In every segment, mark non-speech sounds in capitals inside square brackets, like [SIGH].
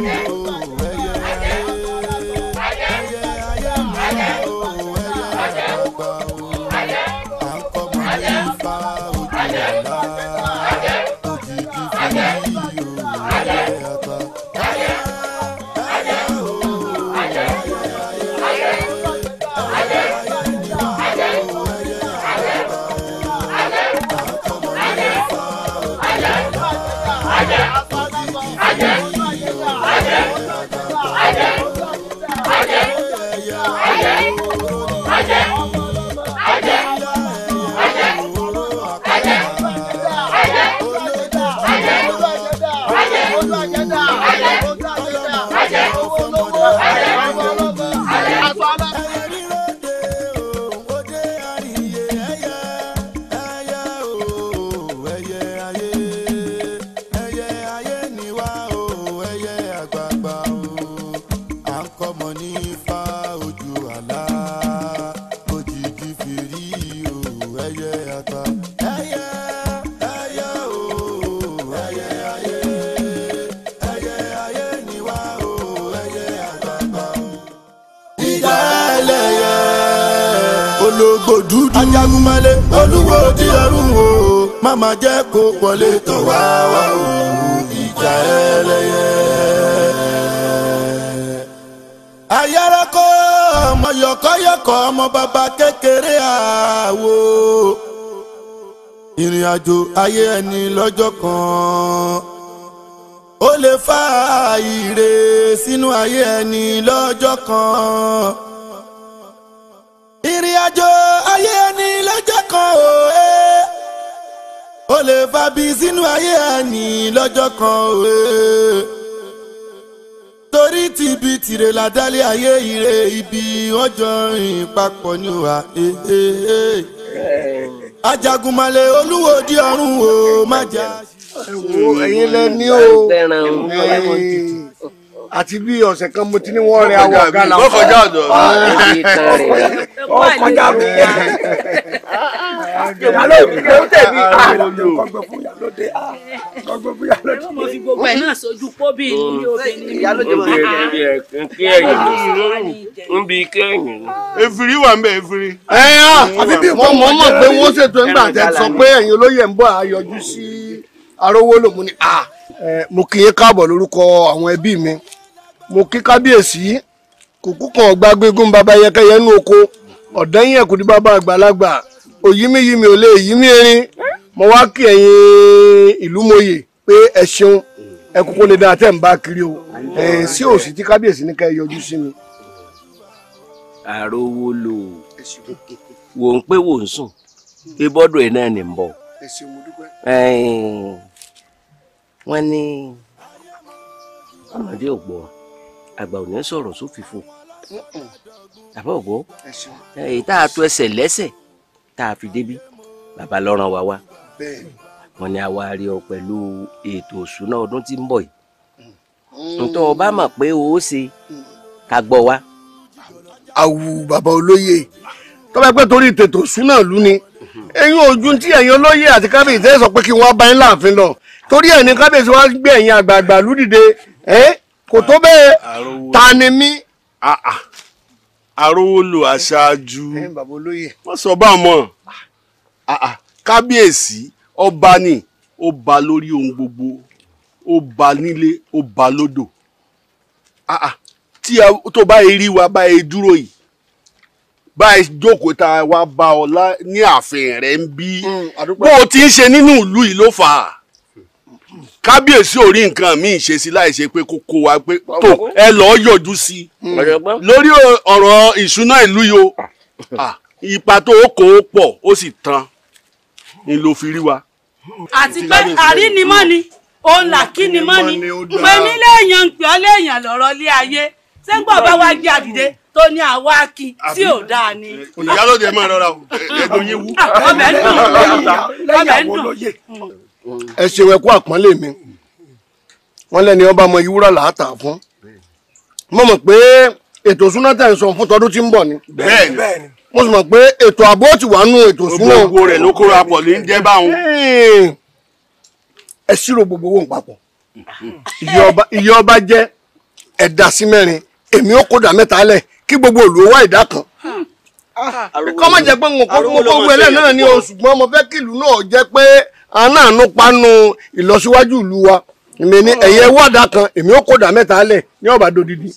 Amen. ajagunmọ́lé olúwo di ọ̀run o má má jẹ́ kó wọlé tọ̀ wá wá o ìjà ẹlẹ́yẹ. ayárakọ́ ọmọ yọ̀kọ́yọ̀kọ́ ọmọ bàbá kékeré àwo ìrìn àjò ayé ẹni lọ́jọ́ kan ó lè fa ire sínú ayé ẹni lọ́jọ́ kan. sínú ayé àní lọ́jọ́ kan òwe torí ti ibi tìrẹ ládàlẹ́ ayé ire ibi wọ́n jọ rìn papọ̀ ní wa. ajagunmalẹ̀ olúwo di ọ̀run o má jà. ẹ̀yin lẹ ní o àti bí ọ̀sẹ̀ kan mo ti ní wọ́n rẹ awọ ọ̀gá làwọn. ọkọjá ọ̀dọ̀ ọkọjá mi ìyálóde ló tẹ̀lé kọ́gbọ́n fún ìyálóde ah, kọ́gbọ́n fún ìyálóde. mo fi gbogbo ẹ̀ náà sojú pọ́bì ní obìnrin. ìyálóde mo fi ẹ̀ ẹ̀ kí ẹ̀yìn ń bi kí ẹ̀yìn. efiri wà ń bẹ efiri. ẹ ah, ẹ àbí bí mo mọ̀ mọ̀ pé wọ́n ṣètò ẹ̀ńgbà tẹ sọ pé ẹ̀yin olóyè ń bọ̀ àyọjú sí arówó lòmù ni ah, mo kì í káàbọ̀ lórúkọ àwọn ẹbí mi mo kí kábíyèsí kòkó kan ọgbà gbégún bàbá yẹkẹyẹ nú oko ọ̀dẹ́yìn ẹ̀kúndí bàbá àgbàlagbà òyímíyími ò lè yímí erin mo wá kí ẹ̀yin ìlú mòye pé ẹ ṣeun ẹ kúkú lè dáa tẹ́ ń bá kiri o ẹ̀ sí òsì tí kábíyèsí ní ká ẹ yọjú sí mi. àròwó lò wò ń pé wò ń sùn ibọ́dọ̀ ẹ̀ náà ní ń bọ̀ wọ́n ní ọmọdé ò gbọ́ àgbà ò ní sọ̀rọ̀ sófìfo àbọ̀ gbọ́ èyí tá a tó ẹsẹ̀ lẹ́sẹ̀ tá a fi débí bàbá lọ́ràn wa wá wọn ni àwa rí ọ pẹ̀lú ètò òṣùnà ọdún tí ń bọ̀ yìí mm. ntọ́ ọba mọ̀ pé o ó ṣe ká gbọ́ wa. àwù bàbá olóyè tọ́ba pẹ́ torí tètò òṣùnà ìlú ni ẹ̀yin ojú tí ẹ̀yin olóyè àti kábíyèsí ẹ̀ sọ pé kí wọ́n bá yín láàfin lọ torí ẹ̀ ní kábíyèsí wa gbé ẹ̀yin àgbààgbà lùdìde ẹ̀ kò tó bẹ́ẹ̀ ta mí. Ah, ah arówólò aṣáájú wọ́n sọ bá mọ̀ ah, ah. kábíyèsí ọba ni ó ba lórí ohun gbogbo ó ba nílé ó ba lódò ah, tí tó bá rí wa bá ẹ dúró yìí bá ẹ jókòó tá a wá bá ọ ní ààfin rẹ ń bí mm, bó o ti ń ṣe nínú ìlú yìí ló fà á kábíyèsí ò rí nǹkan míì ṣe sí láì ṣe pé kókó wa pé tó ẹ lọ́ọ́ yọjú sí i mm. lórí ọ̀rọ̀ ìṣúná ìlú yìí o ah. Ah, ipa tó kó o pọ̀ ó sì tan ni ló fi rí wa. àti pé àrínimọ́ ni òun là kí ni mọ́ ni pé nílé èèyàn ń pè ọ́ léèyàn lọ́rọ́ lé ayé ṣé ń gbọ́ bá wá gbé àdìde tó ní àwa kí tí ò dáa ni. olùyálòdì ẹ máa rọra o ẹgbẹ́ yín wú. Ah, ọbẹ̀ ń dùn ọbẹ̀ ń dùn. ẹ ṣeun ẹ kú àpọ́nlé mi wọ́n lẹ́ni ọba ọmọ ìwúrà làátà fún mo mọ̀ pé ètò ń sọ fún tọdún tí ń bọ̀ ni. Bẹ́ẹ̀ bẹ́ẹ̀ni mo pé ètò ààbò ti wà nù ètò gbogbo rẹ̀ ló kóra pọ̀ ní jẹ́ báwọn. ẹ ṣírò gbogbo owó papọ̀ iye ọba jẹ́ ẹ̀dá sí mẹ́rin èmi ó kódà mẹ́ta lẹ̀ kí gbogbo wá ìdá kan ah, anáàánú panu ìlọsíwájú ìlú wa èmi ní ẹ̀yẹ wọ́ọ̀dà kan èmi ó kódà mẹ́ta lẹ̀ ní ọ̀bà dodidi.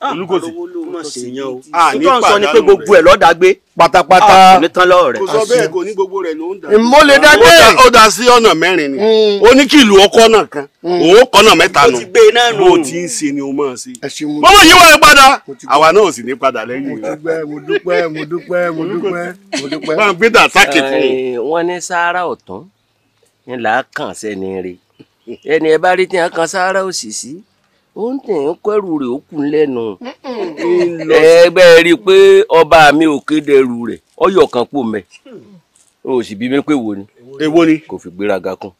ni ah, ah, sùgbọ́n sọ ni pé gbogbo ẹ̀ lọ́dà gbé pátápátá ah, nítán lọ́ọ̀ rẹ̀. kò sọ bẹ́ẹ̀ kò ní gbogbo rẹ̀ ló ń dà. ìmọ̀lẹ̀ dágbé. ó dá sí ọ̀nà mẹ́rin ni mm. ó ní kí ìlú ọkọ náà kan mm. òun kọ́nà mẹ́ta nù e bó ti ń ṣe ni o máa ṣe. mọ́mọ́ yìí wọ́n padà àwa náà sì ní padà lẹ́yìn. mo dúpẹ́ mo dúpẹ́ mo dúpẹ́ mo dúpẹ́. bá a gbé dà sákè fún mi. wọ́n ní sáárà ńlá kàn sẹ́ni rè ẹni ẹ bá rí tí wọn kan sáárá òṣìṣì ó ń tẹ̀ ń kẹ́rù rẹ̀ ó kùn lẹ́nu ẹgbẹ́ rí i pé ọba mi ò kéde ẹrù rẹ̀ ọyọ̀ kan pò mẹ́ o sì bí mi pé wo ni èwo ni kò fi gbéraga kún.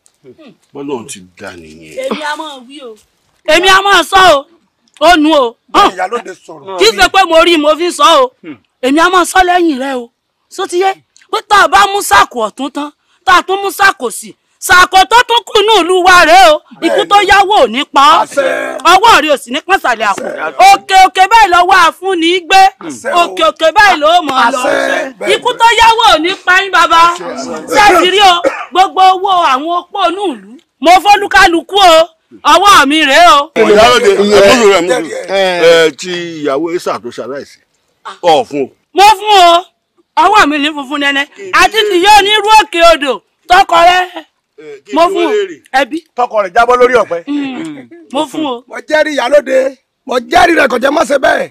bọ́lá òun ti dà nìyẹn. èmi a máa wí o èmi a máa sọ o ó nu o kí ṣe pé mo rí i mo fi sọ o èmi a máa sọ lẹ́yìn rẹ o sótìyẹ pé tá a bá mú sáàkù ọ̀tún tán tá a tún mú sáàkù sí i ṣàkótó tó kù ní ìlú wa rèé o ikú tó yáwó ò ní pa ọ́ ọwọ́ rẹ̀ ò sì ní pọ́nsàlẹ̀ àpò òkè òkè báyìí lọ́wọ́ àfúnni gbé òkè òkè báyìí ló mọ̀ ọ́ lọ ikú tó yáwó ò ní pa yín bàbá ṣèṣìrí o gbogbo owó àwọn opó inú ìlú mo fọ́lúkálukú o ọwọ́ mi rèé o. ìyálòde ẹ̀mọ́lù rẹ̀ ẹ ti ìyàwó isa tó ṣaláìsí ọ̀ fún o. mo fún o ọwọ́ mi ní funfun nẹ́nẹ́ àti tìyẹ́ onírú òkè odò tọkọ Eh, mo fún o ẹbí. tọkọ rẹ jábọ́ lórí ọ̀pẹ. Mm. Mm. mo fún o. mo jẹ́rìí ìyálóde mo jẹ́rìí rẹ kò jẹ́ má ṣe bẹ́ẹ̀.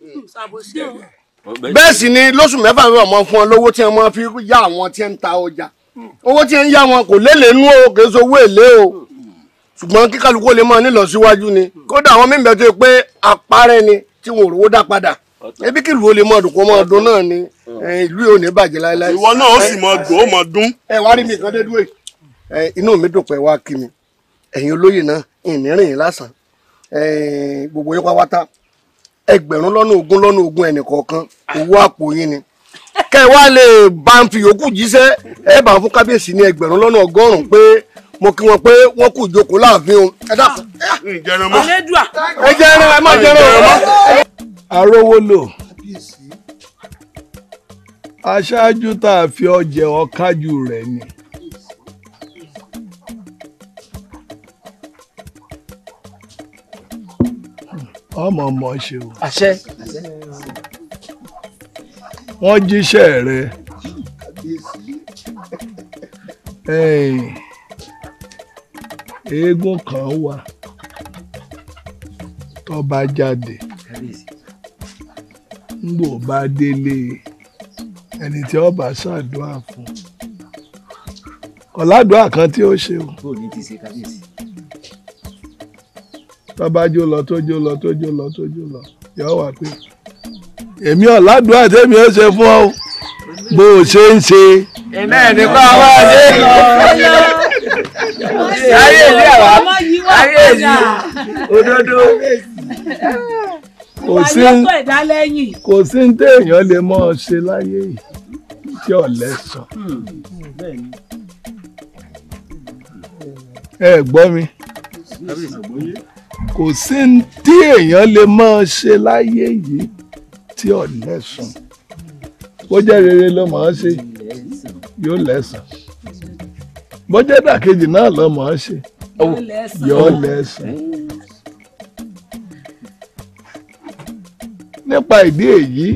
Mm. bẹ́ẹ̀ sì ni lóṣù mẹ́fà mi ọmọ fún ọ lówó tí wọ́n fi yá àwọn tí ń ta ọjà owó tí ń yá wọn kò lélẹ̀ nú o kì í sowó èlé o ṣùgbọ́n kíkálukú lè máa nílọsíwájú ni kódà àwọn mímẹ́ tó pé apárẹ́ ni tí wọn ò rówó dá padà ebi kí ìlú olè mọ ọdún kó mọ ọdún náà ni eh, ìlú yóò ní bàjẹ́ láéláé. ìwọ náà ó sì mọ eh, dùn ó mọ dún. ẹ wá rí mi kan dé dúró yìí. inú mi dùn pé wá kí mi ẹ̀yin olóyè náà ìnírìn yìí lásán gbogbo yín pátá ẹgbẹ̀rún lọ́nà ogún lọ́nà ogún ẹnìkọ̀ọ̀kan owó àpò yín ni kẹ wá lè bá ń fi yòókù jíṣẹ́ ẹ bá fún kábíyèsí ní ẹgbẹ̀rún lọ́nà ọgọ́rùn-ún pé mo kí wọn pé wọn kù jókòó láàfin o ẹ dákun. ǹjẹ́rán mọ́ ẹ jẹ́rán ẹ mọ́. arówó lò aṣáájú tá a fi ọjẹ ọkájú rẹ ni. ọmọ ọmọ ṣe o. àṣẹ. wọ́n jíṣẹ́ rẹ. eégún kan wà tó bá jáde ngbò bá délé ẹni tí ọba ṣàdúrà fún ọ̀làdúrà kan tí ó ṣe o tó bá jó lọ tó jó lọ tó jó lọ tó jó lọ yọ wà pé èmi ọ̀làdùn àtẹ̀mí ó ṣe fún ọ bó o ṣe ń ṣe. iná ẹni kọ́ ọ máa dé. ayé ìdí àwa ayé ìdí òdodo. kò sí kò sí ní téèyàn lè mọ ọ ṣe láyé yìí tí ọ̀lẹ́ sọ. ẹ gbọ́ mi kò sí ní tí èèyàn lè máa ṣe láyé yìí tí ò lẹ́sùn bó jẹ́ rere ló máa ṣe yóò lẹ́sùn bó jẹ́ dàkejì náà ló máa ṣe yóò lẹ́sùn. nípa ìdí èyí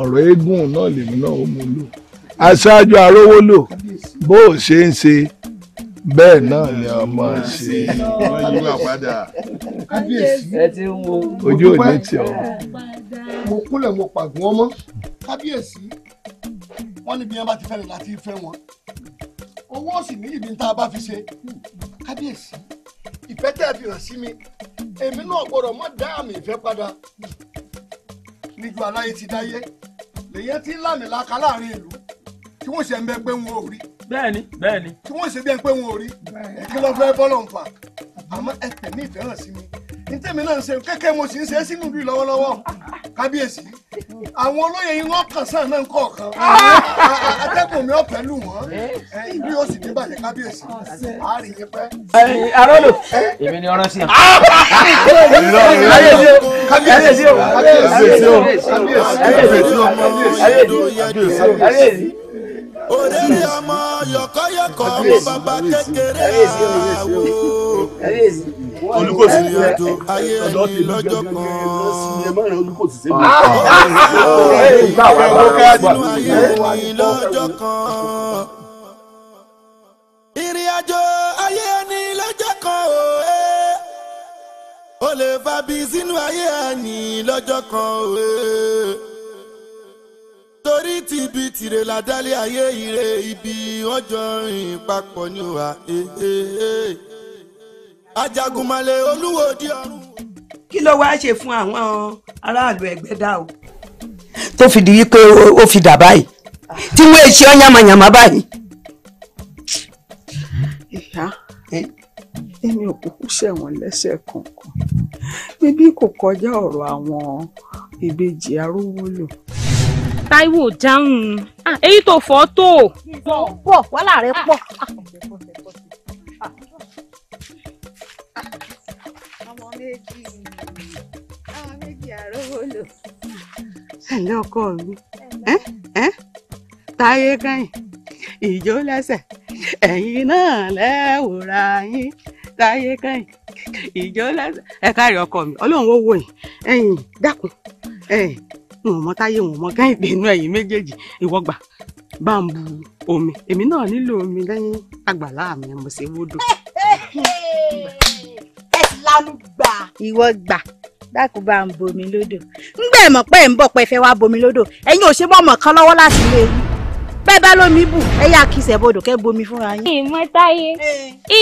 ọ̀rọ̀ eégún náà lèmi náà ó mú lò aṣáájú arówó lò bó o ṣe ń ṣe bẹ́ẹ̀ náà ni a máa ṣe kábíyèsí ojú ò ní tiẹ̀ o. mo kúnlẹ̀ mo pàgùn wọn mọ́ kábíyèsí wọ́n ní bí wọ́n bá ti fẹ́rẹ̀ láti fẹ́ wọn owó sì níyì ní tá a bá fi ṣe kábíyèsí ìfẹ́ tẹ́ ẹ fi hàn sí mi èmi náà gbọ́dọ̀ mọ́ dá àmì ìfẹ́ padà níjú aláyé ti dáyé lèyẹ tí ń lámìlaka láàrin ìlú tí wọ́n ṣe ń bẹ́gbẹ́ wọn ò rí bẹ́ẹ̀ni bẹ́ẹ̀ni. tí wọ́n ṣe bí ẹ pé wọn ò rí kí ló fẹ́ bọ́lọ̀ ń fà àmọ́ ẹ tẹ̀mí ìfẹ́ràn sí mi ní tèmi náà ń ṣe kẹ́kẹ́ mo sì ń ṣe é sínú ìlú lọ́wọ́lọ́wọ́ kábíyèsí àwọn olóyè yín wọ́n kàn sáà náà ń kọ̀ kan atẹ́kùn mi ọ̀fẹ́ lù wọ́n ìlú yóò sì débàjẹ́ kábíyèsí àárín yín pẹ́. arọ́lò èmi ni ọ̀rọ̀ sí i. kábíyèsí o kábíyèsí o kábíyèsí o kábíyèsí o kábíyèsí o kábíyèsí o òrèrè ọmọ yọ̀kọ́yọ̀kọ́ ọmọ bàbá kékeré àwò olùkọ́sí ni àjò ayé ayé ẹni lọ́jọ́ kan ìrìn àjò ayé ẹni lọ́jọ́ kan òwe ó lè fa bí sínú ayé ẹni lọ́jọ́ kan òwe torí ti ibi tìrẹ ládàlẹ ayé ire ibi wọn jọ rìn papọ̀ ní wa eh, eh, eh. ajagunmalè olúwo di ọrùn. kí ló wáá ṣe fún àwọn aráàlú ẹgbẹ́dá o. tó fi di wípé ó fi dà báyìí tí wọ́n ṣe ọ́ báyìí. ìyá èmi ò kúkú ṣẹ̀wọ̀n lẹ́sẹ̀ kankan bíbí kò kọjá ọ̀rọ̀ àwọn ìbejì arówó lò. Táíwò dáhùn èyí tó fọ́ tó. pọ̀ wàhálà rẹ pọ̀. ọmọ méjì ọmọ méjì àròwò ẹ̀lẹ́ ọkọ mi táyé kẹ́yìn ìjó lẹ́sẹ̀ ẹ̀yin náà lẹ́wòrà yín táyé kẹ́yìn ìjó lẹ́sẹ̀ ẹ̀ka rẹ̀ ọkọ mi ọlọ́run ó wò yín ẹ̀yìn dákun wọn ò mọ táyé wọn ò mọ kẹ́hìndé inú ẹ̀yìn méjèèjì ìwọ bá ń bu omi èmi náà nílò omi lẹ́yìn àgbàlá mi mo ṣe wódò. ẹ ti gbà. ìwọ gbà dákun bá ń bomi lódò ńgbà ẹ̀ mọ̀ pé ẹ̀ ń bọ̀ pé ẹ fẹ́ wá bomi lódò ẹ̀yin ò ṣe mọ̀mọ̀ kan lọ́wọ́ láti lè rí bẹ́ẹ̀ bá lómi bù ẹ yá kí sẹ́bodò kẹ́ bomi fúnra yín. ìmọ̀ táyé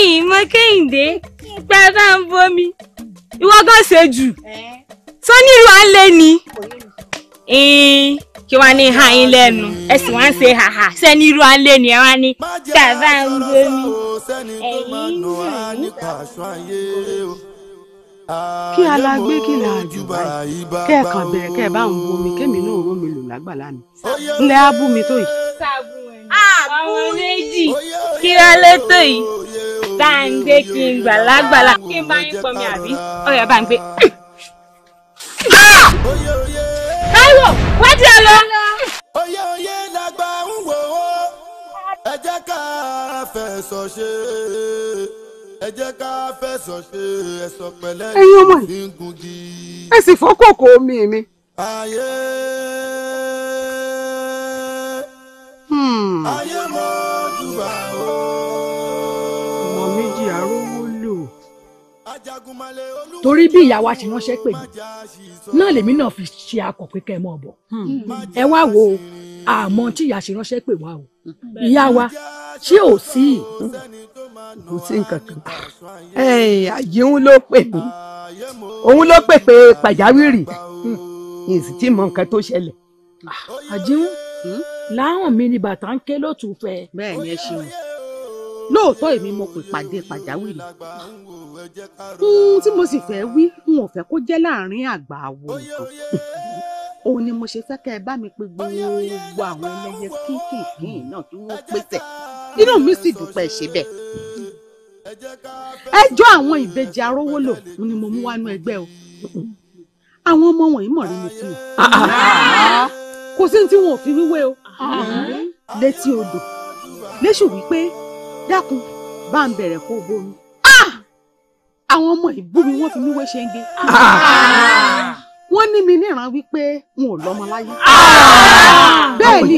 ìmọ̀ kẹ́hìndé pé ẹ bá ń bomi ìwọ gan ṣe jù sọ ní ìlú alẹ́ ni kí wọ́n ní ha yín lẹ́nu ẹ sì wá ń ṣe hàhà sẹ́ni irú alẹ́ ni ẹ wá ní kàbá ń gbé mi ẹ̀yìn ń kí alágbé kí là á jù báyìí kẹ́ẹ̀kan bẹ̀rẹ̀ kẹ́ẹ̀ bá ń bomi kémi náà rómi lò lágbàlá mi ńlẹ́ á bú mi tó yìí. àbú méjì kí á lé tó yìí bá ń gbé kí n gbà lágbàlá kí n bá yín pọ̀ mi àbí ọ̀rẹ́ bá ń gbé. Táíwò wọ́n ti ẹ̀ lọ. oyè oyè làgbà ń wò ó ẹ jẹ́ ká fẹ̀sọ̀ ṣe ẹ jẹ́ ká fẹ̀sọ̀ ṣe ẹ̀sọ̀ pẹ̀lẹ́ ní gungi. ẹ sì fọ́kòkò omi mi. ayé hmm. ayé mo jù bá o. torí bí ìyá wa ṣe ránṣẹ́ pè mí náà lèmi náà fi ṣe akọ̀ pé kẹ́ ẹ mọ̀ bọ̀ hmm. ẹ wá wo àmọ́ tí ìyá ṣe ránṣẹ́ pè wá o ìyá wa ṣé ò sí i. kò sí nǹkan kan ah, eh, àyè òun ló pè mí òun ló pè pé pàjáwìrì ìsì hmm, tí mọ nǹkan tó ṣẹlẹ̀. Ah, àjíhùn hmm. láwọn mi ni bàtà ń ké lótùú fẹ. bẹ́ẹ̀ ni ẹ ṣeun lóòótọ́ èmi mo pè pàdé pàjáwìrì tí mo sì fẹ́ wí n ò fẹ́ kó jẹ́ láàrin àgbà àwò nǹkan [LAUGHS] òun ni mo ṣe fẹ́ kẹ́ ẹ bá mi pe gbogbo àwọn ẹlẹ́yẹ kínkìnkín náà kí wọ́n pèsè inú mi sì dúpẹ́ ṣe bẹ́ẹ̀ ẹjọ́ àwọn ìbejì arówó lò òun ni mo mú wánú ẹgbẹ́ o àwọn ọmọ wọ̀nyí mọ̀ rí mi fún un kò sí ní tí wọn ò fi wíwé o létí odò léṣù wípé dákun bá ń bẹ̀rẹ̀ kó bomi. Ah! àwọn ọmọ ìgbó mi wọ́n fi mí wé ṣẹ́ńgé. wọ́n ní mi níran wípé n ò lọ́mọ láyé. bẹ́ẹ̀ ni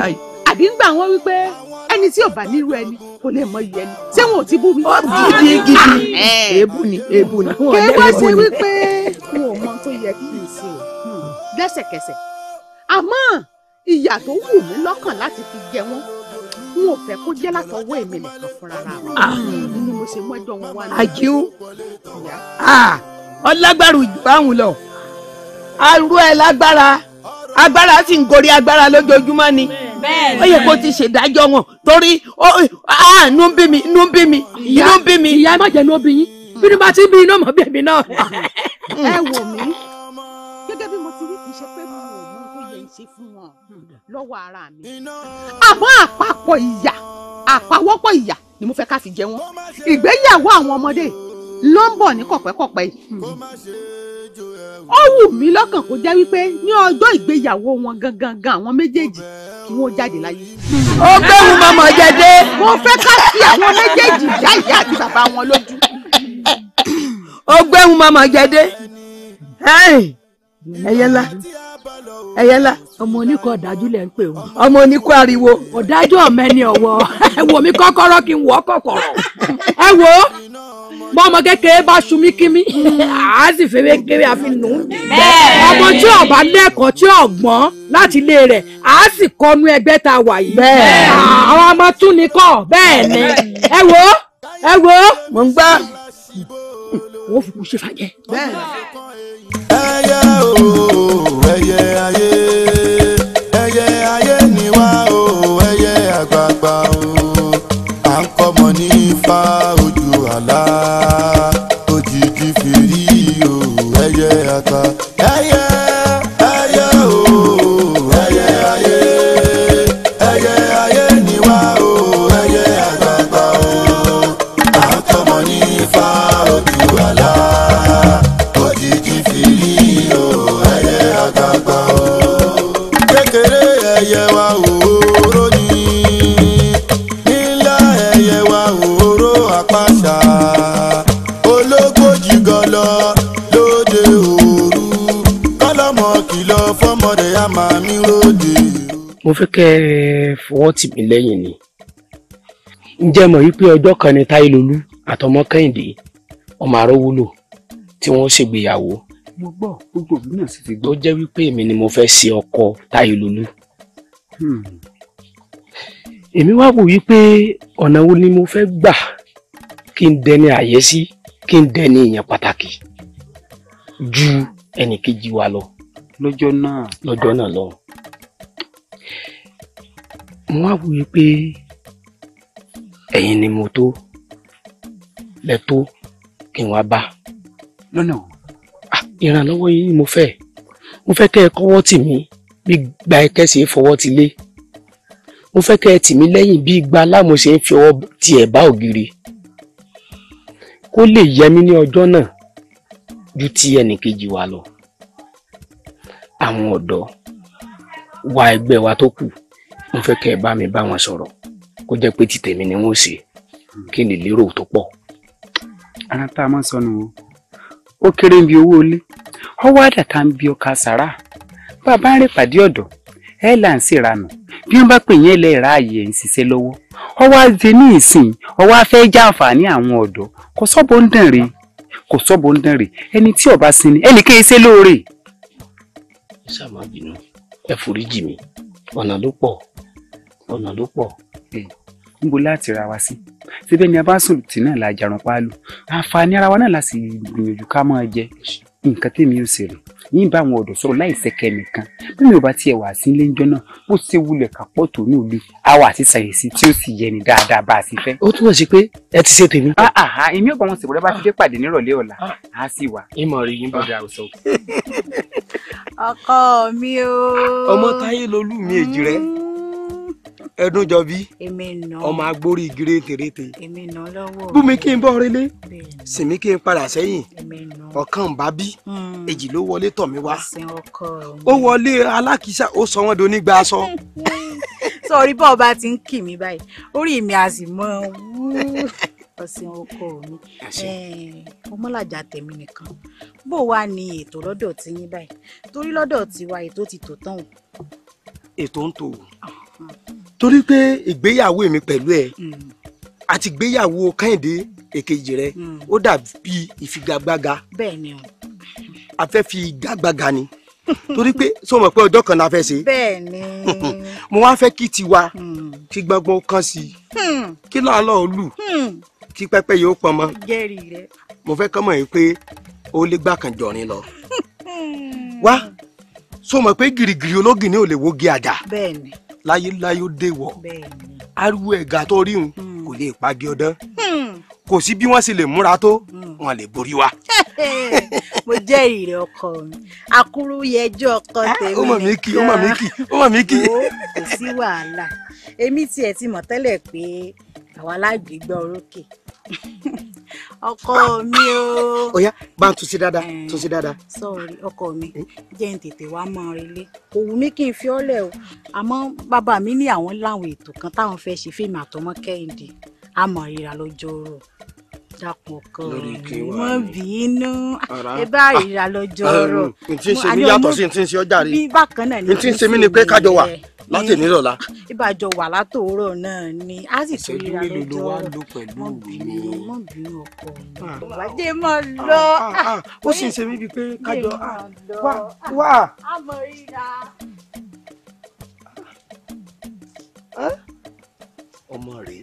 àbí ń gbà wọ́n wípé ẹni tí ò bá nírú ẹni kò lè mọ iye ẹni ṣé wọn ò ti bú mi. ó gidi gidi ah! èébú ni èébú ni. kéwọ́n ṣe wípé n ò mọ tó yẹ kí n ṣe o hmm, lẹ́sẹ̀kẹsẹ̀ àmọ́ ìyà tó wù mí lọ́kàn láti fi jẹ wọ́n n ò fẹ́ kó jẹ́ látọwọ́ èmi nìkan fúnra ra wa ni ah. mo ṣe mọ́jọ́ wọn wá ní. àjíw ọlágbàrú ìbáhùn lọ arú ẹ lágbára agbára sì ń gorí agbára lójoojúmọ́ ni ó yẹ kó ti ṣèdájọ́ wọn torí inú ń bí mi inú ń bí mi inú ń bí mi. ìyá ẹ má jẹ́ ní bí ni bá ti bí iná mọ̀ bí ẹ̀mí náà. ẹ wò mí gẹ́gẹ́ bí mo ti rí kì í ṣe pé mo ò mú tó yẹ ìṣe fún wọn lọ́wọ́ ara mi. àmọ́ àpapọ̀ ìyà àpawọ́pọ̀ ìyà ni mo fẹ́ ká fi jẹ wọ́n ìgbéyàwó àwọn ọmọdé ló ń bọ̀ ní kọ̀pẹ́kọ̀pẹ́ hmm. ó wù mí lọ́kàn kó jẹ́ wípé ní ọjọ́ ìgbéyàwó wọn gangan gan àwọn méjèèjì kí wọ́n jáde láyé. ó gbóhùn mọ́mọ́ jẹdé. mo fẹ́ ká sí àwọn méjèèjì ìyá ìyá àti bàbá wọn lójú. ó gbóhùn mọ́mọ́ jẹdé. ẹyẹ ńlá ẹyẹlá ọmọ oníkọ ọdájú lẹ ń pè wọn. ọmọ oníkọ ariwo. ọdájú ọmẹni ọwọ ẹ wò mí kọ́kọ́rọ́ kí n wọ kọ́kọ́rọ́ ẹ wò ó bọ́mọ kékeré bá sunmi kími àá sì fẹ́rẹ́ kéré àfi nù ún bẹ́ẹ̀ ọmọ tí ọba lẹ́kọ̀ọ́ tí ọ̀gbọ́n láti ilé rẹ̀ àá sì kọnu ẹgbẹ́ tá wà yìí bẹ́ẹ̀ àwọn ọmọ tún ní kọ́ bẹ́ẹ̀ ni ẹ wò ó ẹ wò ó. mò ń gbá. wọ́n fi kú ṣe fàjẹ́. bẹ́ẹ̀ ni ẹyẹ ayé ẹyẹ ayé ni wá o ẹyẹ àgbààgbà o à ń kọ́mọ ní ifá ojú àlá òjijì fèrè o ẹyẹ àgbà ẹyẹ. fẹ́ kẹ́ ẹ fọwọ́ tì mí lẹ́yìn ni ǹjẹ́ mọ̀ wípé ọjọ́ kan ni táìlólú àtọmọ kẹ́hìndé ọmọ àrówúlò tí wọ́n ṣègbéyàwó. mo gbọ́ gbogbo òbí náà sì ti gbọ́. ó jẹ́ wípé èmi ni mo fẹ́ ṣe ọkọ táìlólú. Hmm. èmi wá wò wípé ọ̀nà wo ni mo fẹ́ gbà kí n dẹni àyẹ́sí kí n dẹni èèyàn pàtàkì ju ẹnì kejì wa lọ. lọ́jọ́ náà. lọ́jọ́ náà lọ mo wá wí pé ẹ̀yin ni mo tó lẹ tó kí n wá bá lọ́nà ah, ìrànlọ́wọ́ yín ni mo fẹ́ mo fẹ́ kẹ́ ẹ kọ́wọ́ tì mí bí gba ẹ kẹ́sì ń fọwọ́ ti lé mo fẹ́ kẹ́ ẹ tì mí lẹ́yìn bí gba aláàmú ń fi ọwọ́ tiẹ̀ bá ògiri kó lè yẹ mí ní ọjọ́ náà ju ti ẹnìkejì wa lọ àwọn ọ̀dọ́ wa ẹgbẹ́ wa tó kù mo fẹ́ kẹ́ ẹ mi bá wọn sọ̀rọ̀ kó jẹ́ pé ti tèmi ni wọ́n ṣe kí n lè lérò tó pọ̀. ara tá a sọnù o ó kéré ń bi owó ilé ọwọ́ àdàkà ń bi ọkà sàrà bàbá ń pàdé ọ̀dọ̀ ẹ là ń bí wọ́n bá pè ààyè ń ṣiṣẹ́ lọ́wọ́ ọwọ́ àti ní ìsìn ọwọ́ afẹ́ àǹfààní àwọn ọ̀dọ́ kò sọ́bọ̀ ń rè kò sọ́bọ̀ ń rè ọ̀nà ló pọ̀ ọ̀nà ló pọ̀. ń hmm. bo láti ra wa sí síbẹ̀ ni a bá sùn tì náà la jarun páálù àǹfààní ara wa náà la sì gbìyànjú ká máa jẹ nǹkan tèmi ò sì rò yín bá àwọn ọ̀dọ́ sọ̀rọ̀ láì sẹ́kẹ̀ nìkan bí mi ò bá tiẹ̀ wà sí ilé ńjọ́ náà bó ṣe wulẹ̀ kà pọ̀ tó ní òbí a wà sí ṣàyẹ̀sí tí ó sì yẹ ni dáadáa bá a sì fẹ́. ó túmọ̀ sí pé ẹ ti ṣe tèmi. Ah, ah, ah, èmi ò bá wọn ṣèwọ́dẹ́ bá ti dé pàdé nírọ̀lẹ́ ọ̀la a sì wà. ìmọ̀ rí yín bọ̀dọ̀ àwùjọ. [LAUGHS] ọkọ mi o. ọmọ táyé lolú mi èjì rẹ mm. ẹdun jọbi ọmọ agbórí igi rétérété bùnmi kí n bọ relé sinmi kí n padà sẹ́yìn ọkàn bá bí mm. èjì ló wọlé tọ̀ mí wá ó wọlé alákìísà ó sọ wọn do nígbà aṣọ. sọ [LAUGHS] orí bọ́ọ̀ bá ti ń kì mí báyìí orí mi a sì mọ wú. [LAUGHS] ọ̀sìn ọkọ mi ọmọlàjà tèmi nìkan bó wá ní ètò lọ́dọ̀ tí yín báyìí torí lọ́dọ̀ tiwa ètò ti tò tán o. ètò ń tò torí pé ìgbéyàwó mi pẹ̀lú ẹ hmm. àti ìgbéyàwó kẹ́hìndé èkejì rẹ hmm. ó dàbí ìfigagbága bẹ́ẹ̀ni o a fẹ́ fi gagbága ni torí pé sọ mọ̀ pé ọjọ́ kan la fẹ́ ṣe bẹ́ẹ̀ni [LAUGHS] mo wá fẹ́ kí tiwa hmm. kí gbọ́ngbọ́n kan sí i kí láàlọ́ olù kí pẹ́pẹ́ yìí ó pọn mọ́ mo fẹ́ kọ́ mọ̀ yìí pé ó lé gbàkànjọ̀rin lọ wá so mọ̀ pé girigiri ológìní ò lè wogi àjà láyéláyé ó dé wọ̀ ariwo ẹ̀gà tó ríhun hmm. kò lè pagi ọdán hmm. kò sí bí wọ́n sì lè múra tó hmm. wọn lè borí wa. [LAUGHS] mo jẹ́ ìrẹ̀ ọkọ mi akúrú yẹjọ́ ọkọ ah, tèmi. ó mọ̀ mí kì ó mọ̀ mí kì ó mọ̀ mí kì. kò sí wàhálà èmi tiẹ̀ ti mọ̀ tẹ́lẹ̀ pé àwa alágbègbè orókè [LAUGHS] ọkọ mi o. ọ̀yá bá ń tún sí dáadáa tún sí dáadáa. sọ́ọ̀rì ọkọ mi jẹ́ ń tètè wá mọ́ relé kò wù mí kí n fi ọ́lẹ̀ o àmọ́ bàbá mi ní àwọn láwọn ètò kan táwọn fẹ́ ṣe fíìmù àtọmọ kẹ́hìndé àmọ̀ ríra lọ́jọ́ rò dàpọ̀ kan mọ́ bínú ẹ bá ríra lọ́jọ́ rò. n tí ń ṣe mi yàtọ̀ sí n n ṣe mi ni pé kájọ wà láti ní lọ́la. ìbàjọ́ wà látòórọ̀ náà ni a sì tó yíra lójọ́ mọ́ bínú mọ́ bínú ọkọ ìbàjẹ́ ah, ah, mọ́ ah, lọ. ó sì ń ṣe mí bíi pé kájọ wá wá. ọmọ rèé.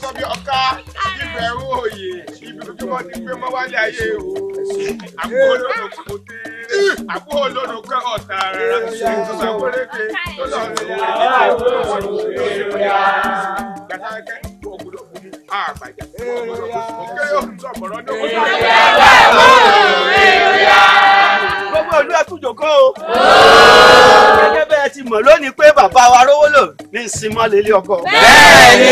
ìbẹ̀rù òye ìbìlójúmọ́ ti gbé mọ́ wálé ayé o àbúrò olódò kò dé àbúrò olódò pé ọ̀tá rẹ̀ tó sàkólégbé tó lọ́ọ̀rẹ́ yẹn tó lọ́ọ̀rẹ́ yẹn tó lọ́ọ̀rẹ́ yẹn gbàdákẹ́ ògùdókù àgbàjà ògùdókù òkè òǹtọ̀bọ̀rọ̀ ní òkúta. ìrìnàjò ẹ̀wọ̀n ìrìnàjò ọmọ ìlú ẹkú jòkó o. gẹ́gẹ́ bẹ́ẹ̀ ti mọ̀ lónìí pé bàbá wa rówó lò ní ìsinmọ́ lélẹ̀ ọkọ. bẹ́ẹ̀ni.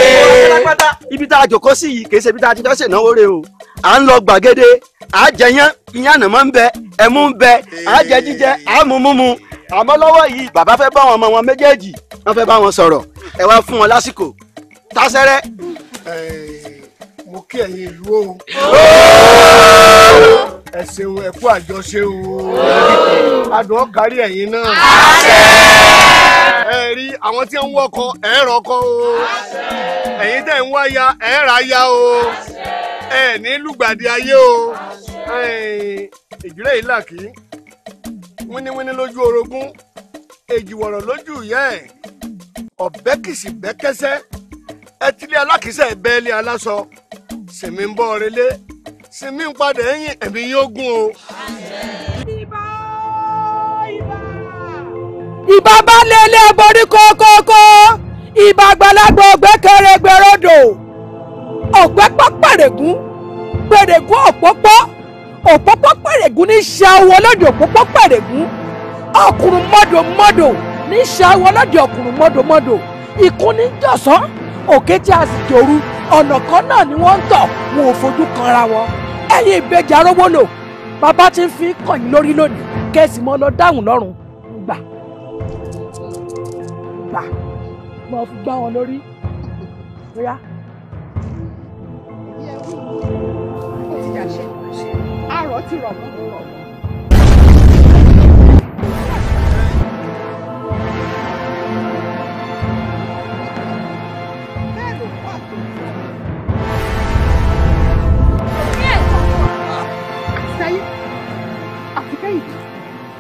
ibi tá a jòkó sí yìí kìí ṣe ibi tá a ti jọ́sìn náwó rè o à ń lọ gbàgede à jẹyán iyán nàmọ́ ń bẹ ẹ̀mú ń bẹ à jẹ jíjẹ à mú múmu àmọ́ lọ́wọ́ yìí bàbá fẹ́ bá wọn ọmọ wọn méjèèjì wọ́n fẹ́ bá wọn sọ̀rọ̀ ẹ wá fún wọn lásìkò tásẹ́rẹ́. mo kí ẹ̀yin ìlú o ẹ ṣeun ẹ kú àjọṣe o adùn ọkàrí ẹ̀yin náà ẹ rí àwọn tí ń wọkọ ẹ rọkọ o ẹ̀yin tẹ́ ń wáya ẹ ráya o ẹ ní lùgbàdì ayé o ìdílé yìí làkì wíníwíní lójú orogún èjìwọ̀rọ̀ lójú ìyá ẹ̀ ọ̀bẹ́kìsì bẹ́kẹ́sẹ́ ẹtílé alákìísẹ́ bẹ́ẹ́lí aláṣọ sèmi ń bọ́ relé sinmi ń padà ẹ̀yìn ẹ̀mí yóò gún o. ibà ibà bá lélẹ̀ borí kókókó ibà àgbàlagbà ọ̀gbẹ́ kẹrẹgbẹ ròdò ọ̀gbẹ́ pọ́pẹ̀rẹ̀gún pẹ̀rẹ̀gún ọ̀pọ̀pọ̀ ọ̀pọ̀pọ̀ pẹ̀rẹ̀gún ní ṣàwọ̀ lọ́dọ̀ ọ̀pọ̀pọ̀ pẹ̀rẹ̀gún ọkùnrin mọ́dọ̀ mọ́dọ̀ ní ṣàwọ̀ lọ́dọ̀ ọkùnrin mọ́dọ̀ mọ́dọ̀ ìkúnníjọ̀sán òkè tí a sì jòrú ọ̀nà kan náà ni wọ́n ń tọ̀ wọn ò fojú kanra wọn ẹ̀yin ìbejì arówó lò bàbá ti ń fi kàn yín lórí lónìí kẹ́sì mọ́ lọ dáhùn lọ́rùn gbà gbà mo fi gbá wọn lórí bóyá. àrò ti rọ̀ mọ́ rọ̀ mọ́.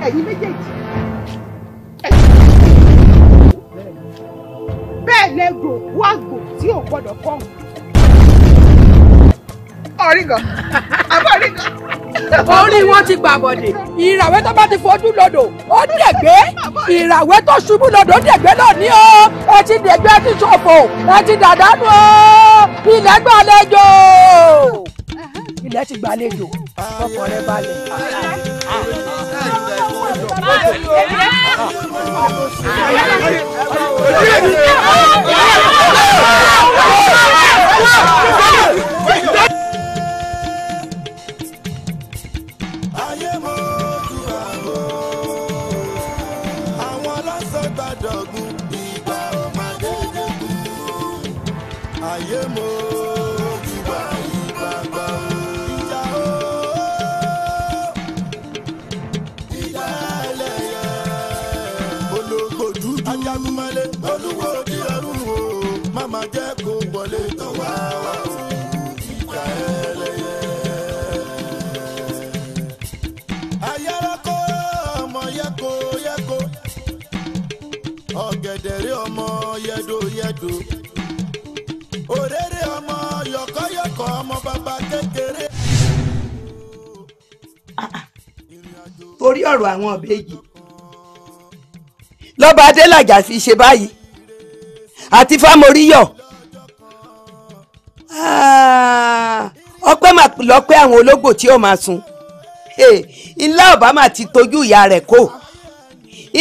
ẹ̀yin méjèèjì bẹ́ẹ̀ lẹ gò wá gò tí ò gbọ́dọ̀ kọ́hùn. ọ̀rìngàn àbọ̀rìngàn. orí wọn ti gbàbọ̀dè ìràwé tó bá ti fojú lodò ó dẹ̀gbẹ́ ìràwé tó ṣubú lodò ó dẹ̀gbẹ́ lónìí o ẹ ti dẹ̀gbẹ́ ti ṣòfò ẹ ti dàdánù o ilẹ̀ gbàlejò ilẹ̀ ti gbàlejò ọkọ̀ rẹ balẹ̀. Ojú ẹ̀mí. lè tàn wá wá ìka ẹlẹ́yẹ. ayárako ọmọ yẹko yẹko torí ọ̀rọ̀ àwọn ìbejì lọ́ba adélàjà fi ṣe báyìí àti fámoríyọ̀ lọ́pẹ́ àwọn ológbò tí ó máa sun ńlá ọ̀bámà ti tọ́jú ìyá rẹ̀ kó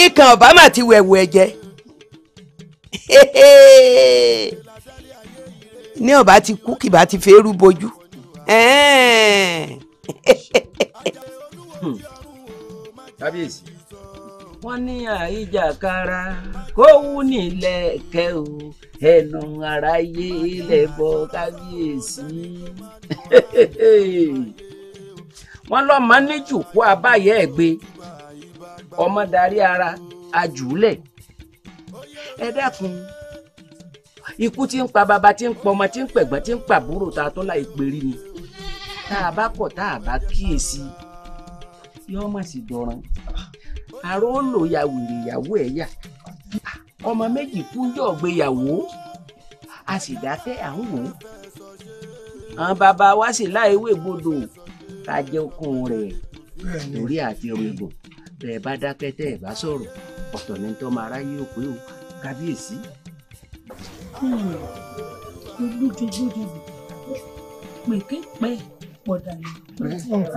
ikàn ọ̀bámà ti wẹ̀wù ẹ̀jẹ̀ ní ọ̀bá ti kú kìbá ti fẹ́ rú bojú hmm. kábíyèsí wọ́n ní àìjàkara kó wú nílẹ̀ kẹ́ o ẹnu aráyé ilẹ̀ bọ kábíyèsí. [LAUGHS] wọ́n lọ́mọ níjùkú abáyé ẹ̀gbẹ́ ọmọ darí ara ajúlẹ̀ ẹ dákun ikú tí ń pa bàbá tí ń pa ọmọ tí ń pẹ̀gbọ́n tí ń pa àbúrò tá a tọ́lá ìpèrí ni tá a bá kọ̀ tá a bá kíyèsí yọ́ọ́ mà sì dọ̀ràn. àrò lò ya wèrè ìyàwó ẹ̀ yà ọmọ méjì kú yọ̀ gbéyàwó a sì dákẹ́ à ń wò ó àwọn bàbá wa sì láìwé gbọdọ̀ ká jẹ́ okun rẹ̀ lórí àti rìbò tẹ̀ bá dákẹ́ tẹ̀ bá sọ̀rọ̀ ọ̀tọ̀ ni tọ́ máa ráyé òpé o kábíyèsí. Hmm. gbódúgbòdì pèképẹ pọ̀dà ni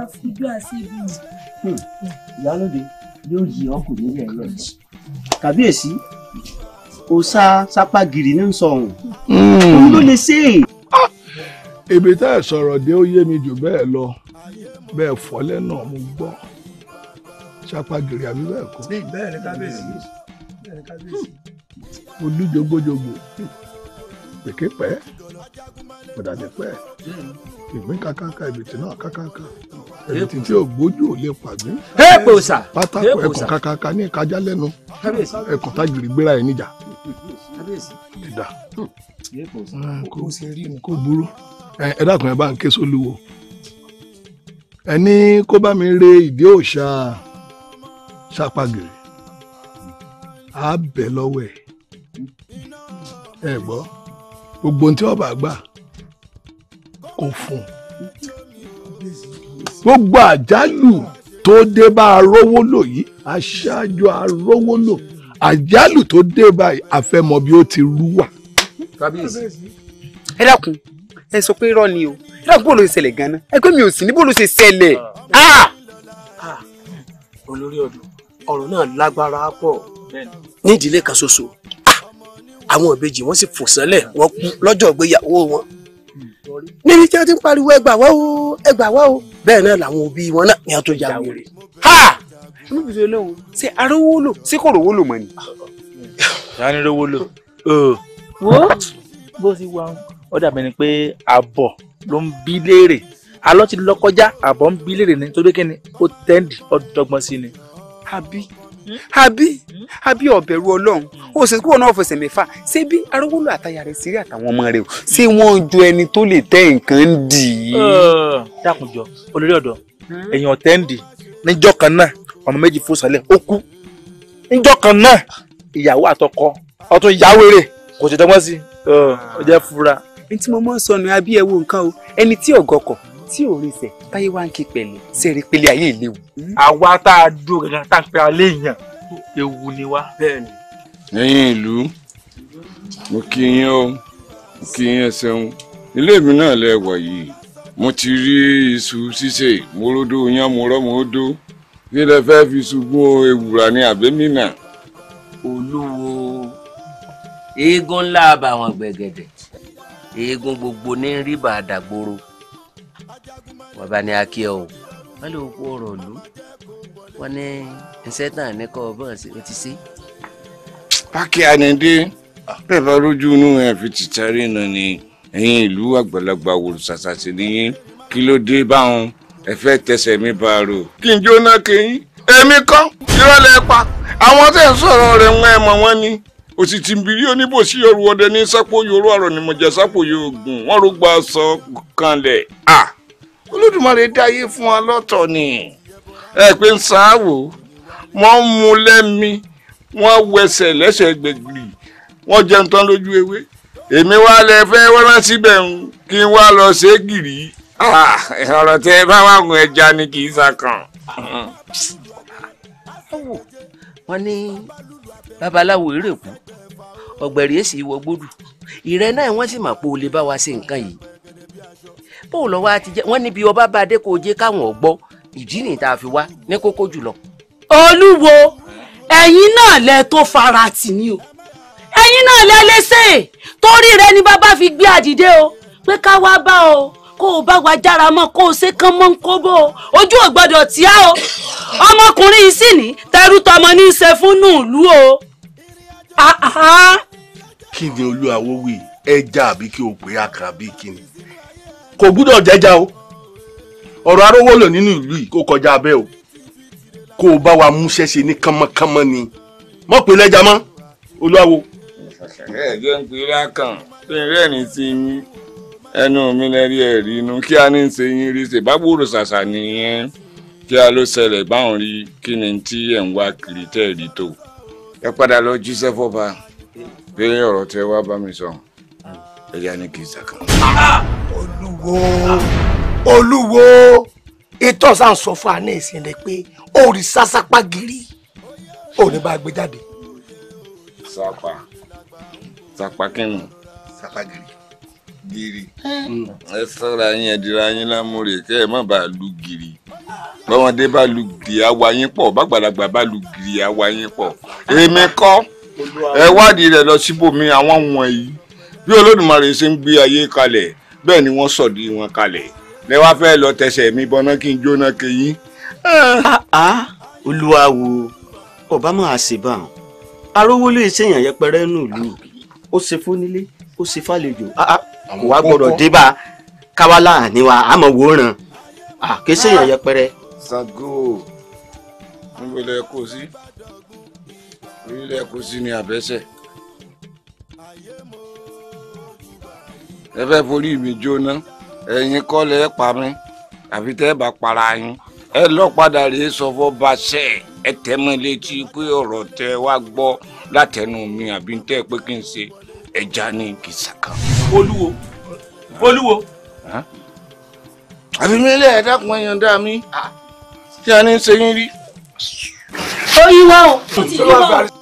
a fi gbé àṣẹ ibi. Hmm. ìyálóde yóò yí ọkùn nílẹ̀ ẹ̀rọ ẹ̀ kàbíyèsí o sá sápá gírì ní sọ̀hún hmm. òun ló lè ṣe é. Ah! ibi tá ẹ sọ̀rọ̀ dé ó yé mi jù bẹ́ẹ̀ lọ bẹ́ẹ̀ fọ́lẹ́ náà mo gbọ́ sápá gírì àbí bẹ́ẹ̀ kọ́. bẹ́ẹ̀ ni kábíyèsí bẹ́ẹ̀ ni kábíyèsí ìgbín kákáká ìbìtì náà kákáká ìbìtì tí ò gbójú ò lè pàgbín. èèpò sà pátákó ẹkùn kákáká ní ìkájá lẹ́nu ẹkùn tágìrì gbéra ẹ̀ níjà. ìdá ah, kò burú ẹ dákun ẹ bá ń ké sólúwo ẹ ní kó bá mi re ìdí òòṣà ṣàpàgìrì á bẹ̀ lọ́wọ́ ẹ̀ ẹ gbọ́ gbogbo ohun tí ọba gbà òfun gbogbo àjálù tó dé bá arówó lò yìí aṣáájú arówó lò àjálù tó dé báyìí àfẹmọ bí ó ti rú wà. ẹ dákun ẹ sọ pé irọ́ ni o ẹ dákun bó ló ṣẹlẹ̀ gan-an ẹ pé mi ò sí ní bó ló ṣe ṣẹlẹ̀. Ah! Ah! Ah! olórí ọ̀dọ́ ọ̀rọ̀ náà lágbára pọ̀ ní ìdílé kan ṣoṣo àwọn ìbejì wọn sì fò sẹ́lẹ̀ wọn kú lọ́jọ́ ìgbéyàwó wọn níbi tí wọ́n ti ń pariwo ẹgbà wá o ẹgbà wá o bẹ́ẹ̀ náà làwọn òbí wọn náà ni wọ́n tó ya wèrè. ha olùbùsọ lóhùn ṣé arówó lò ṣé kò rówó lò mọ́ ni. ìyá rówó lò. wo bó ti wà ó dàbí ni pé àbọ̀ ló ń bí léèrè alọ́ ti lọ àbọ̀ ń bí léèrè nítorí kíni ó tẹ́ǹdì ọ̀dọ́gbọ́n sí ni àbí àbí àbí ọ̀bẹ̀rù ọlọ́run ó sì kúrò náà fẹsẹ̀ mẹ́fà ṣé bí arówólò àtayà rẹ̀ sírí àtàwọn ọmọ rẹ̀ o ṣé wọ́n ń jo ẹni tó lè tẹ́ nǹkan dì í. dákunjọ olórí ọ̀dọ́ èèyàn tẹ́ ń dì níjọ́ kan náà ọmọ méjì fò sálẹ̀ ó kú níjọ́ kan náà ìyàwó àtọkọ ọtún yáwèrè kò ṣètọ́gbọ́n sí ọjọ́ fúra. ẹni tí mo mọ̀ sọnù abí ẹ wo nǹkan o ẹni tí ọ̀gọ́kọ̀ tí ò rí sẹ̀ táyé wá ń kí pẹ̀lẹ́ sẹ́ẹ̀rí pẹ̀lẹ́ ayé ìléwu. Hmm? àwa tá a dúró gangan tá a pẹ́ alẹ́ èèyàn ewu ni wá. ẹ̀yin ìlú mo kí yín o mo kí yín ẹsẹ̀un ilé mi náà lẹ wà yìí mo ti rí iṣu ṣíṣe mo ródó yan mo rọ́ mo dó kí lẹ fẹ́ fi ṣubú ewùrà ní àbẹ́mínà. olúwo eégún ńlá àbàwọn gbẹ̀gẹ̀dẹ̀ eégún gbogbo ní rí bàdàgbòrò wọ́n bá ní akí ọ wọ́n lè kó ọ̀rọ̀ lù wọ́n ní iṣẹ́ tàn ní kọ́ ọ̀bọ̀n sí o ti ṣe. pákíá ni dé bẹ́ẹ̀ bá rójú inú ẹ fi ti tẹ́rì náà ni ẹ̀yin ìlú àgbàlagbà wò ṣàṣàṣì nìyí kí ló dé báwọn ẹ fẹ́ tẹsẹ̀ mi bá a kí n jóná kẹyìn èmi kọ́ irọ́ lẹ pa àwọn tẹ̀ ń sọ̀rọ̀ rẹ̀ wọn ẹ̀ mọ̀ wọ́n ni òsì tí ń biri oníbòsí ọrùn ní sápò yorùbá àrọ̀ nìmọ̀jà sápò yorùbá wọn ló gba aṣọ kanlẹ̀ olódùmarè dá ayé fún wa lọ́tọ̀ ni ẹ pé ń sáàwò wọ́n mú lẹ́mí wọ́n wẹsẹ̀ lẹ́sẹ̀ gbẹ̀gbì wọ́n jẹun tán lójú ewé èmi wá lẹ fẹ́ wọ́n síbẹ̀ ń kí n wá lọ ṣe é gìrì ah, ọ̀rọ̀ tẹ bá wà gùn ẹja ni kì í sàkàn. wọ́n ní babaláwo eré ọ̀gbẹ̀rì èsì ìwọ gbódù ìrẹ́ náà wọ́n sì mà pé o lè bá wa ṣe nǹkan yìí bó lọ wá ti jẹ wọn níbi ọba bàdé kò jẹ káwọn ò gbọ́ ìdí nìyí tá a fi wá ní kókó jùlọ. olúwo ẹ̀yin náà lẹ tó fara tì ní o ẹ̀yin náà lẹ lẹ́sẹ̀ torí rẹ ni bàbá fi gbé àdìdé o pé ká wá bá o kó o bá wa jára mọ́ kó o ṣe kán mọ́ ń kó bó o ojú ò gbọ́dọ̀ tí a o ọmọkùnrin yìí sì ní tẹrú tọmọ ní í ṣe fún nùlú o. Ah, ah, ah. kí ni olúwa wó wí ẹja àbí kí o pè é àkàrà bíi kí ni kò gbúdọ̀ jẹjà o ọ̀rọ̀ arówó lò nínú ìlú yìí kó kọjá abẹ́ o kó o bá wa múṣẹ́ ṣe ní kánmọ́kánmọ́ ni mọ̀ pé lẹ́jà mọ́ olúwawo. ṣàṣàrẹ́ ẹ̀jẹ̀ ń pè lákàn pé rẹ́rìn ti yín ẹnu mi lẹ́rí ẹ̀rí inú kí a ní ṣe yín rí ṣe bá gbòòrò ṣàṣà nìyẹn kí a ló ṣẹlẹ̀ báwọn rí kí ni tí ẹ̀ ń wá kiri tẹ̀ rí tó. ẹ padà lọ jíṣẹ́ fọ́ba pé ọ̀rọ̀ tẹ wá bá mi sọ ẹ̀yà ni kì í ṣàkàn olúwo olúwo ìtọ́ sá ń sọ fún àná ìsìn rẹ pé òòrì sásápá gírí òní bá gbé jáde. sápá sápá kẹ́nu. sápá gírí. gírí. ẹ sọ́ra yín ẹ dira yín lámúre kẹ́ ẹ má bàa lu gírí bọ́mọdé bá lu gírí àwa yín pọ̀ bàgbàlagbà bá lu gírí àwa yín pọ̀ èmi kọ́ ẹ wádìí rẹ̀ lọ síbòmí àwọn wọ̀nyí bí Olódùmarè ṣe ń gbé ayé kalẹ̀ bẹ́ẹ̀ ni wọ́n sọ̀dí wọn kalẹ̀ lẹ wá fẹ́ lọ tẹsẹ̀ mi bọná kí n jóná kẹyìn. Ah, ah, olúwa wo ọba máa ṣe bá wọn arówó lè ṣèyàn yẹpẹrẹ nù lù ó ṣe fónílé ó ṣe fàlejò ah, kò wá gbọ́dọ̀ débà káwálà níwà àmọ́ wòran kì í ṣèyàn yẹpẹrẹ. sago níbo lẹ sí orílẹ̀ kó sí ní abẹ́sẹ̀ ẹ fẹ́ forí mi jóná ẹ̀yin kọ́ lẹ́ pa mí àfi tẹ́ ẹ bá para yín ẹ lọ́padà rèé sọ fọ́ baṣẹ́ ẹ tẹ́ mọ́ létí pé ọ̀rọ̀ tẹ wá gbọ́ látẹnu mi àbí tẹ́ pé kí n ṣe ẹja ní kìsà kan. olúwo olúwo. àfi mi lé ẹ̀dá kan èèyàn dá mi tí a ní ṣe yín rí. ó yí o.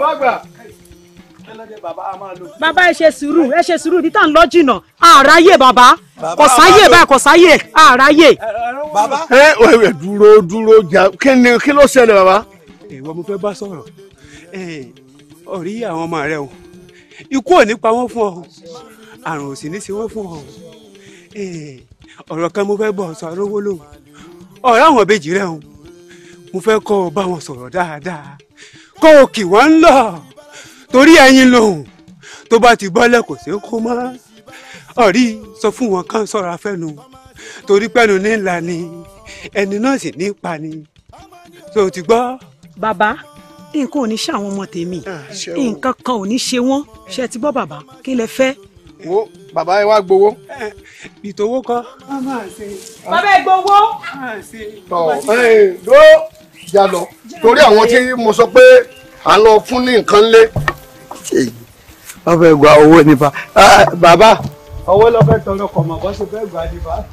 bàbá àgbà bàbá ẹ ṣe sùúrù ẹ ṣe sùúrù ibi tá à ń lọ jìnnà àráyè bàbá kò sáyè báyìí kò sáyè àráyè. bàbá ẹ ẹ dúró dúró jà kí ni kí ló ṣẹlẹ̀ bàbá. ìwọ mo fẹ́ bá sọ̀rọ̀ ọ̀rí àwọn ọmọ rẹ o ikú ò ní pa wọ́n fún ọ àrùn ò sì ní ṣe wọ́n fún ọ ọ̀rọ̀ kan mo fẹ́ bọ̀ sọ arówó lòun ọ̀rọ̀ àwọn ìbejì rẹ o mo fẹ́ kọ́ ọ bá wọn sọ̀rọ̀ dáadáa kọ́ òkè wá ń lọ torí ẹyin lòun tó bá ti bọ́lẹ̀ kò sí kó mọ́ ọ̀rí sọ fún wọn kán sọ̀rọ̀ afẹ́nu torí pẹ́nu ní ni ẹni náà sì ní pa ni tó ti gbọ́. bàbá nǹkan ò ní ṣe àwọn ọmọ tèmi nǹkan kan ò ní ṣe wọ́n ṣe ti bọ́ bàbá kí lẹ fẹ́. wo bàbá ẹ wá gbowó. ìtòwó kan. bàbá ẹ gbowó. tọ́ ẹ dó já lọ torí àwọn tí mo sọ pé à ń lọ fún ní nǹkan lé. wọ́n fẹ́ gba owó nípa ah, bàbá owó lọ fẹ́ tọrọ kọ̀mọ̀ bó ṣe fẹ́ gbà nípa.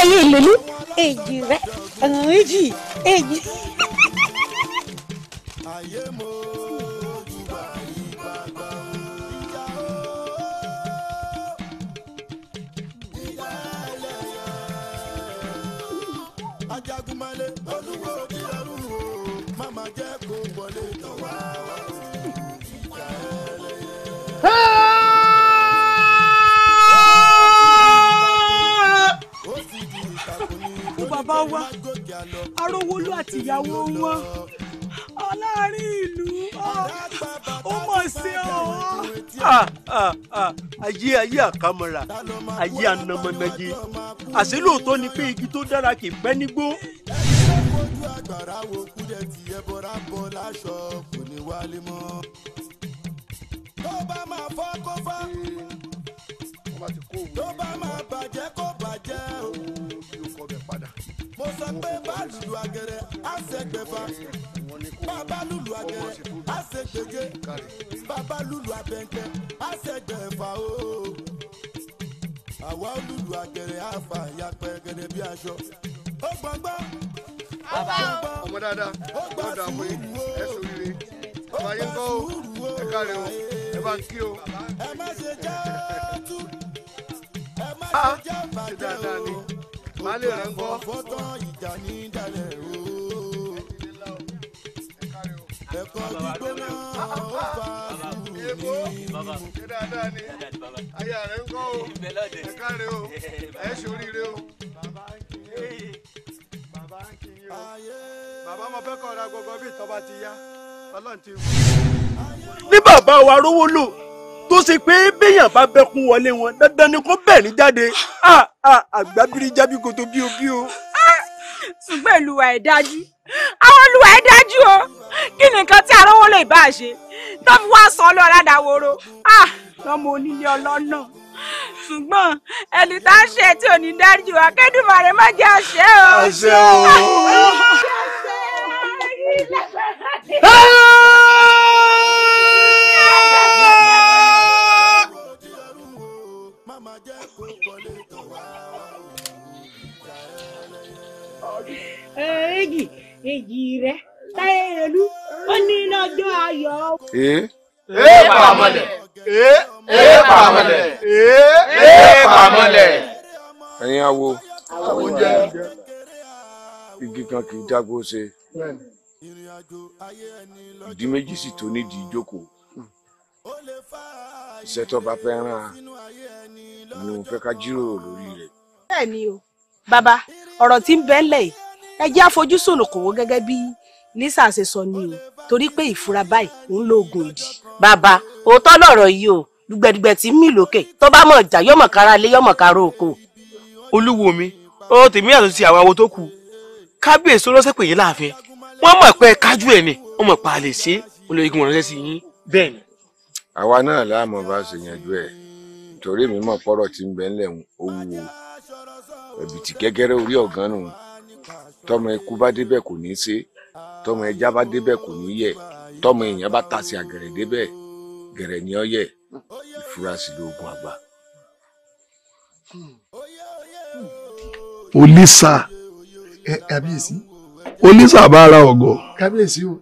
ẹyẹ ìlẹlú èjì rẹ ọ̀nà méjì èjì. bàbá wa arówólú àtìyàwó wọn ọláàrin ìlú ah, ó mọ̀ sí ọ. ayé ayé àkàmọ́ra ayé anamọ́nàjẹ àṣé lóòótọ́ ni pé igi tó dára kì í pẹ́ nígbó. tó bá máa fọ́ kó fọ́ tó bá máa bàjẹ́ kó bàjẹ́ o mo sọ pé bá lùlù àgẹ̀rẹ̀ á ṣe gbẹ̀fà bàbá lùlù àgẹ̀rẹ̀ á ṣe gbẹ̀gẹ̀ bàbá lùlù àbẹ̀ǹkẹ̀ á ṣe gbẹ̀fà o. àwa lùlù àgẹ̀rẹ̀ á fà ya pẹ̀gẹ̀dẹ̀ bí aṣọ. ó gbọ́ngbọ́ ó gbọ́ngbọ́ ọmọ dáadáa ó gbà sùúrù o ẹ sòrire ọmọ ayé ń kọ́ o ẹ káre o ẹ bá kí o. ẹ má ṣe jẹ́ ọ́ tú ẹ má ah! ṣe jẹ́ bàjẹ́ o baálé rẹ̀ ń kọ́. ìjà ní dalẹ̀ o. ẹ̀kọ́ gbígbóná ó fa sùúrù ní mímú. ṣé o ẹ̀ka rẹ̀ o ẹ̀ ṣoríire o. bàbá mo fẹ́ kọ́ ra gbogbo bí ìtọ́ ti yá ọlọ́run ti wú. ní bàbá wa rówó lò tó ṣe pé béèyàn bá bẹ́kún wọlé wọn dandan ni kò bẹ́ẹ̀ ní jáde àgbábírí jábí bí o bí o. ṣùgbọ́n ìlúwa ẹ̀ dájú àwọn olùwà ẹ̀ dájú o kí ni tí arówó lè bá a ṣe tó fi wá sọ ọlọ́ aládàáwòrò lọ́mọ onílé ọlọ́nà ṣùgbọ́n ẹni tá a ṣe tí ò ní dájú wa má jẹ́ àṣẹ o. àṣẹ o. èjì èjì rẹ táyé ìrẹlú ó ní lọ́jọ́ ayọ̀. ee ee pàmọ́lẹ̀ ee ee pàmọ́lẹ̀ ee ee pàmọ́lẹ̀. ẹ̀yin awo awo jẹ igi kan kì í dágbó ṣe ìdí méjì sì tó nídìí ìjókòó iṣẹ́ tó bá fẹ́ ràn án ni mo fẹ́ ká jíròrò lórí rẹ̀. bẹ́ẹ̀ ni o bàbá ọ̀rọ̀ tí ń bẹ́ẹ̀ lẹ̀ yìí ẹ jẹ́ àfojúsùn okòwò gẹ́gẹ́ bí lisa ṣe sọ ni o torí pé ìfura báyìí òun lo oògùn ìdì. bàbá òótọ́ lọ̀rọ̀ yìí o dùgbẹ̀dùgbẹ̀ tí ń mì lókè tó bá mọ̀ jà yọ̀mọ̀ kára lé yọ̀mọ̀ kára oko. olúwo mi ọ̀rọ̀ tèmi àti ti àwọn awo tó kù kábíyèsí olóṣè pè yín láàfin wọ́n mọ̀ pé kájú ẹ̀ ni wọ́n mọ̀ pa àlè sí olóyìnbó ránṣẹ́ sí yín bẹ́ẹ̀ ni. àwa náà láàmú bá ṣe yanjú ẹ̀ torí mi mọ̀ pọ̀rọ̀ tí ń bẹ òwúwo ẹ̀bìtì kẹ́kẹ́rẹ́ orí ọ̀gán tọmọ ẹkú bá débẹ̀ kò ní í ṣe tọmọ ẹja bá débẹ̀ kò ní í yẹ tọmọ èèyàn bá tasẹ̀ àgẹ̀rẹ̀ débẹ̀ gẹ̀rẹ̀ ni ọ yẹ ìfurasí lóògùn àgbà. olisa kábíyèsí olisa bá ara ọgọ kábíyèsí o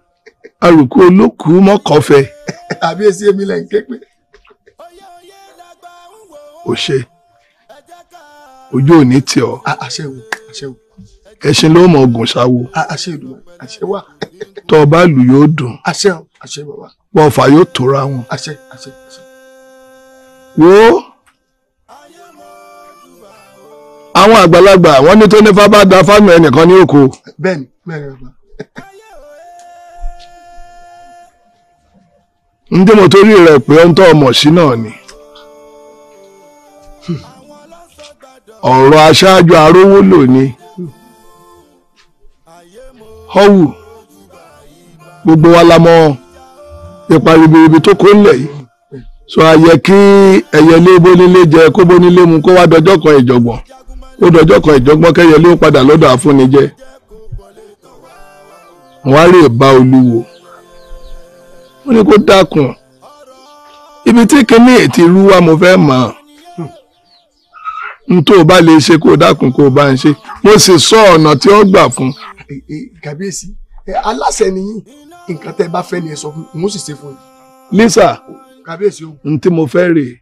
arùkú olókùú mọkànfẹ kábíyèsí èmi lẹ ń ké pé. o ṣe ojú ò ní tì ọ. àṣẹ wò àṣẹ wò. ẹṣin ló mọ ogun ṣáwo. àṣẹ ìdùnnú àṣẹ wà. tọ́ ọba ìlú yóò dùn. àṣẹ yóò tóra wọn. àṣẹ àṣẹ àṣẹ. wo àwọn àgbàlagbà wọn ní tó ní da fánù ẹnìkan ní òkú bẹ́ẹ̀ni bàbá. mo torí rẹ̀ pé ohun tó ọmọ sí náà ni. Hmm. ọ̀rọ̀ aṣáájú arówó lò ni. họ́wù gbogbo wa la mọ ipa ribiribi tó kó lẹ̀ yìí so àyẹ kí ẹyẹlé bónílé jẹ kó bónílé mu kó wá dọjọ́ kan ìjọ̀gbọ̀n kó dọjọ́ kan ìjọ̀gbọ̀n kẹyẹlé ó padà lọ́dọ̀ àfúnijẹ wọ́n á rè bá olúwo wọ́n ní kó dákun ibi tí kinní ètí rú wa mo fẹ́ mọ̀ ọ́ n tó o bá lè ṣe kó o dákun kó o bá ń ṣe mo sì sọ ọ̀nà tí ó gbà fún kàbíyèsí aláṣẹ nìyí nǹkan tẹ́ bá fẹ́ ni ẹ sọ fún un mo sì ṣe fún yín. lisa kàbíyèsí o. n tí mo fẹ́ rèé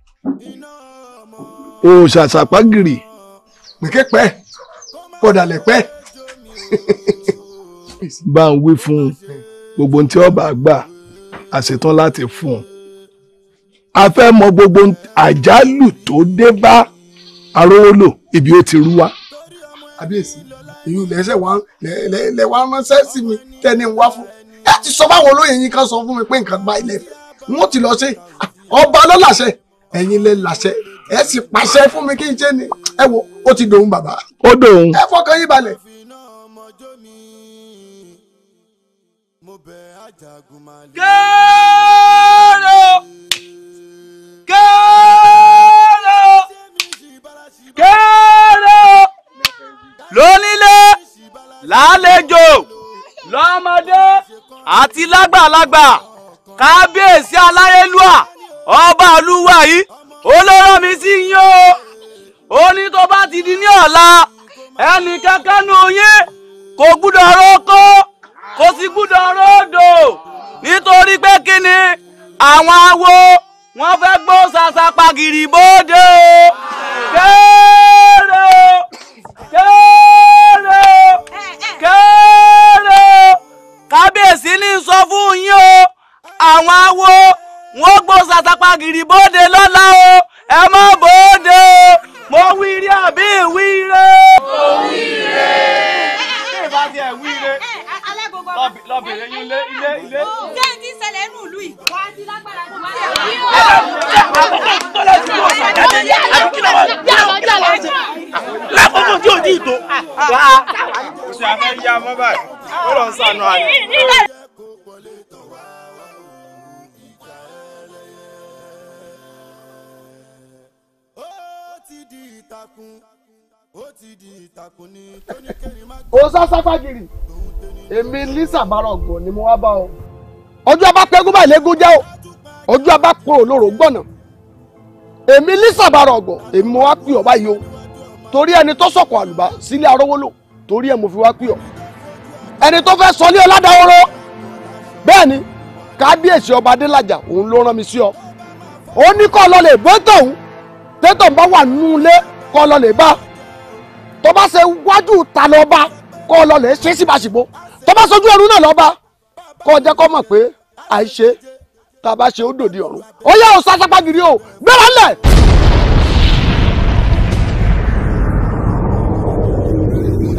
òòṣà ṣàpágìrì. pèké pẹ́ kọ̀dàlẹ̀ pẹ́. bá ń wí fún un gbogbo tí ọba gbà a láti fún un. a fẹ́ mọ gbogbo àjálù tó dé bá arówólò ibi ó ti rú wa. kàbíyèsí ìyún lẹ́sẹ̀ wá lẹ́ wá ránṣẹ́ sí mi tẹ́ni wá fún ẹ ti sọ báwọn olóyè yín kan sọ fún mi pé nǹkan gba ilẹ̀ wọn ti lọ ṣe ọba ló làṣẹ ẹ̀yin lẹ làṣẹ ẹ sì pàṣẹ fún mi kí n ṣe ni ẹ wo ó ti dòun bàbá. ó dòun. ẹ fọkàn yín balẹ̀. gẹ́rọ gẹ́rọ gẹ́rọ lónílé lálejò lọ́mọdé àti lágbàlagbà kábíyèsí aláyélúà ọba àlúwà yìí olóró mi sí yín o ó ní tó bá ti di ní ọ̀la ẹnì kankan nu yín kò gbúdọ̀ roko kò sì gbúdọ̀ ròdò nítorí pé kí ni àwọn awo wọn fẹ́ gbó sàṣàpàgìrì bóde o kéré kéré kábíyèsí ní sọ fún yín o àwọn awo wọn gbọ́ sàtàpá gìrì bóde lọ́la o ẹ má bóde o mo wíire àbí ìwíire. mo wíire. ṣé ìbá tiẹ̀ wíire lọ́bìnrin ilé ilé ilé ṣẹlẹ̀ nù lù yìí. wà á o ó sá sáfàgìrì èmi lisa marọgbọn ni mo wá bá ọ ọjọ́ bá pẹ́gún báyìí lẹ́gún jẹ́ o ọjọ́ bá pọ̀ olóró gbọ̀nà èmi lísàbàrọ̀ ọ̀gbọ̀n èmi mo wá pè ọ́ báyìí o torí ẹni tó sọ̀kọ̀ àlùbá sílé arówólò torí ẹ̀ mo fi wá pè ọ́ ẹni tó fẹ́ sọ ní ọ̀làdáwọ́rọ́ bẹ́ẹ̀ ni kábíyèsí ọba adélájà òun ló rán mi sí ọ ó ní kọ́ lọ lè bọ́tọ̀ òun tẹ́tọ̀ bá wà nínú ilé kọ́ lọ lè bá tó bá ṣe wájú ta lọ bá kọ́ lọ lè ṣe síbàṣìbò tó bá ṣojú ẹrú náà lọ bá kọjá kọ́ mọ̀ pé àìṣe tá a bá ṣe ó dòde ọ̀run ó yẹ ò sasapa gidi o gbéra lẹ̀. [LAUGHS]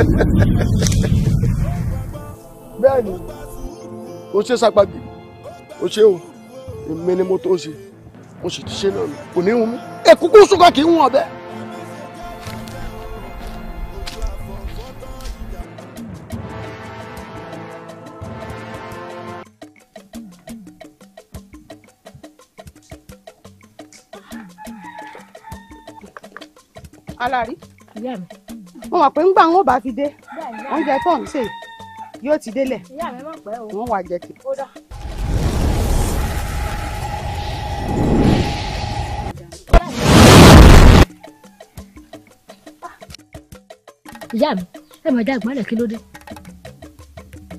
bẹ́ẹ̀ni o ṣe sapa gidi o ṣe o èmi ni mo tó ṣe mo sì ti ṣe náà kò ní hun èkúkú sùn kì í hun ọ̀bẹ. alárí. wọn mọ̀ pé ńgbà wọn ò bá fi dé oúnjẹ tó ń ṣe yóò ti délẹ̀. ìyá o. wọ́n wà jẹ kí. ìyá mi ẹ mọ̀ dá ìgbọ́nlẹ̀ kí ló dé.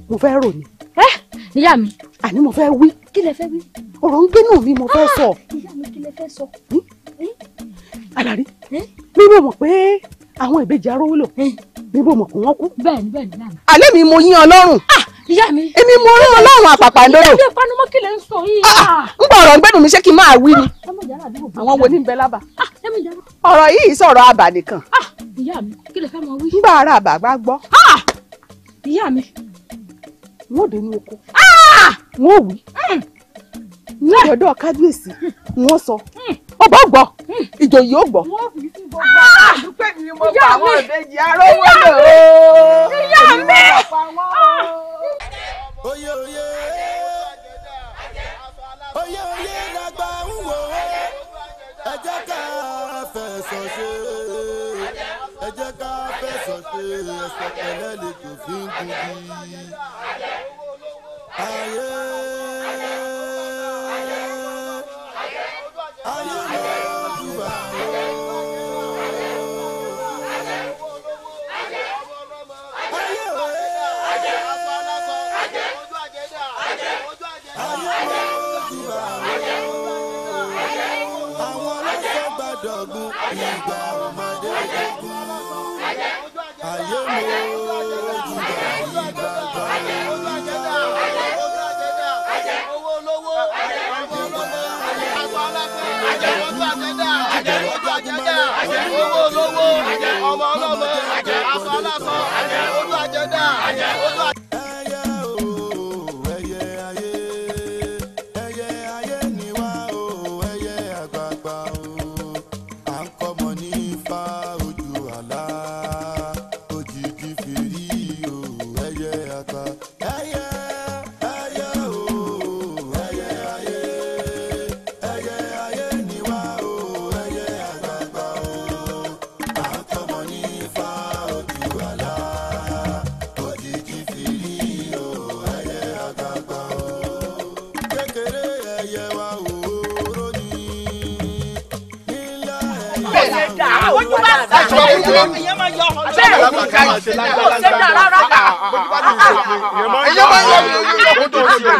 mo fẹ́ rò ni. ẹ ìyá mi. àní mo fẹ́ wí. kí lẹ fẹ́ wí. ọ̀rọ̀ ń gbénú mi mo fẹ́ ah! sọ. ìyá mi kí lẹ fẹ́ sọ. Hmm? alari níbo mọ̀ pé àwọn ìbejì arówó lò níbo mọ̀ pé wọ́n kú. bẹ́ẹ̀ni bẹ́ẹ̀ni náà. alẹ́ mi mo yín ọlọ́run. Ah, ìyá mi. èmi mo rán ọlọ́run àpàpà ńlọ́rọ̀. ìyá mi ìpanumọ́ kí lè ń sọ yìí. n ah, ah, gbọ́ ọ̀rọ̀ gbẹ́nu mi ṣé kí n máa wí ni. àwọn wo ní ń bẹ lába. ọ̀rọ̀ yìí sọ̀rọ̀ àbà nìkan. ìyá mi kí lè fẹ́ mọ wí. nígbà ara àbà bá gbọ́. ìyá mi. wọ́n ò dé ní oko. wọ́n ò wí. Hmm. ní ọ̀dọ̀ kábíyèsí wọ́n sọ. Hmm ọba gbọ́ ìjòyè ó gbọ́. wọ́n fi sí ah! mi ìyá mi. Ah! ayé. ìgbà ọmọdé ayé mo jùlọ ìgbà gbà. owó olówó owó olówó àgbà ọlọ́pẹ́ ojú àjẹ́dá ojú àjẹ́dá owó olówó ọmọ ọlọ́mọ àgbà ọlọ́pẹ́ ojú àjẹ́dá ojú àjẹ́dá. èyàn máa yọ ọ̀rọ̀ lọ́wọ́ kò ṣe dà rárá kà èyàn máa yọ ọ̀rọ̀ tó ṣe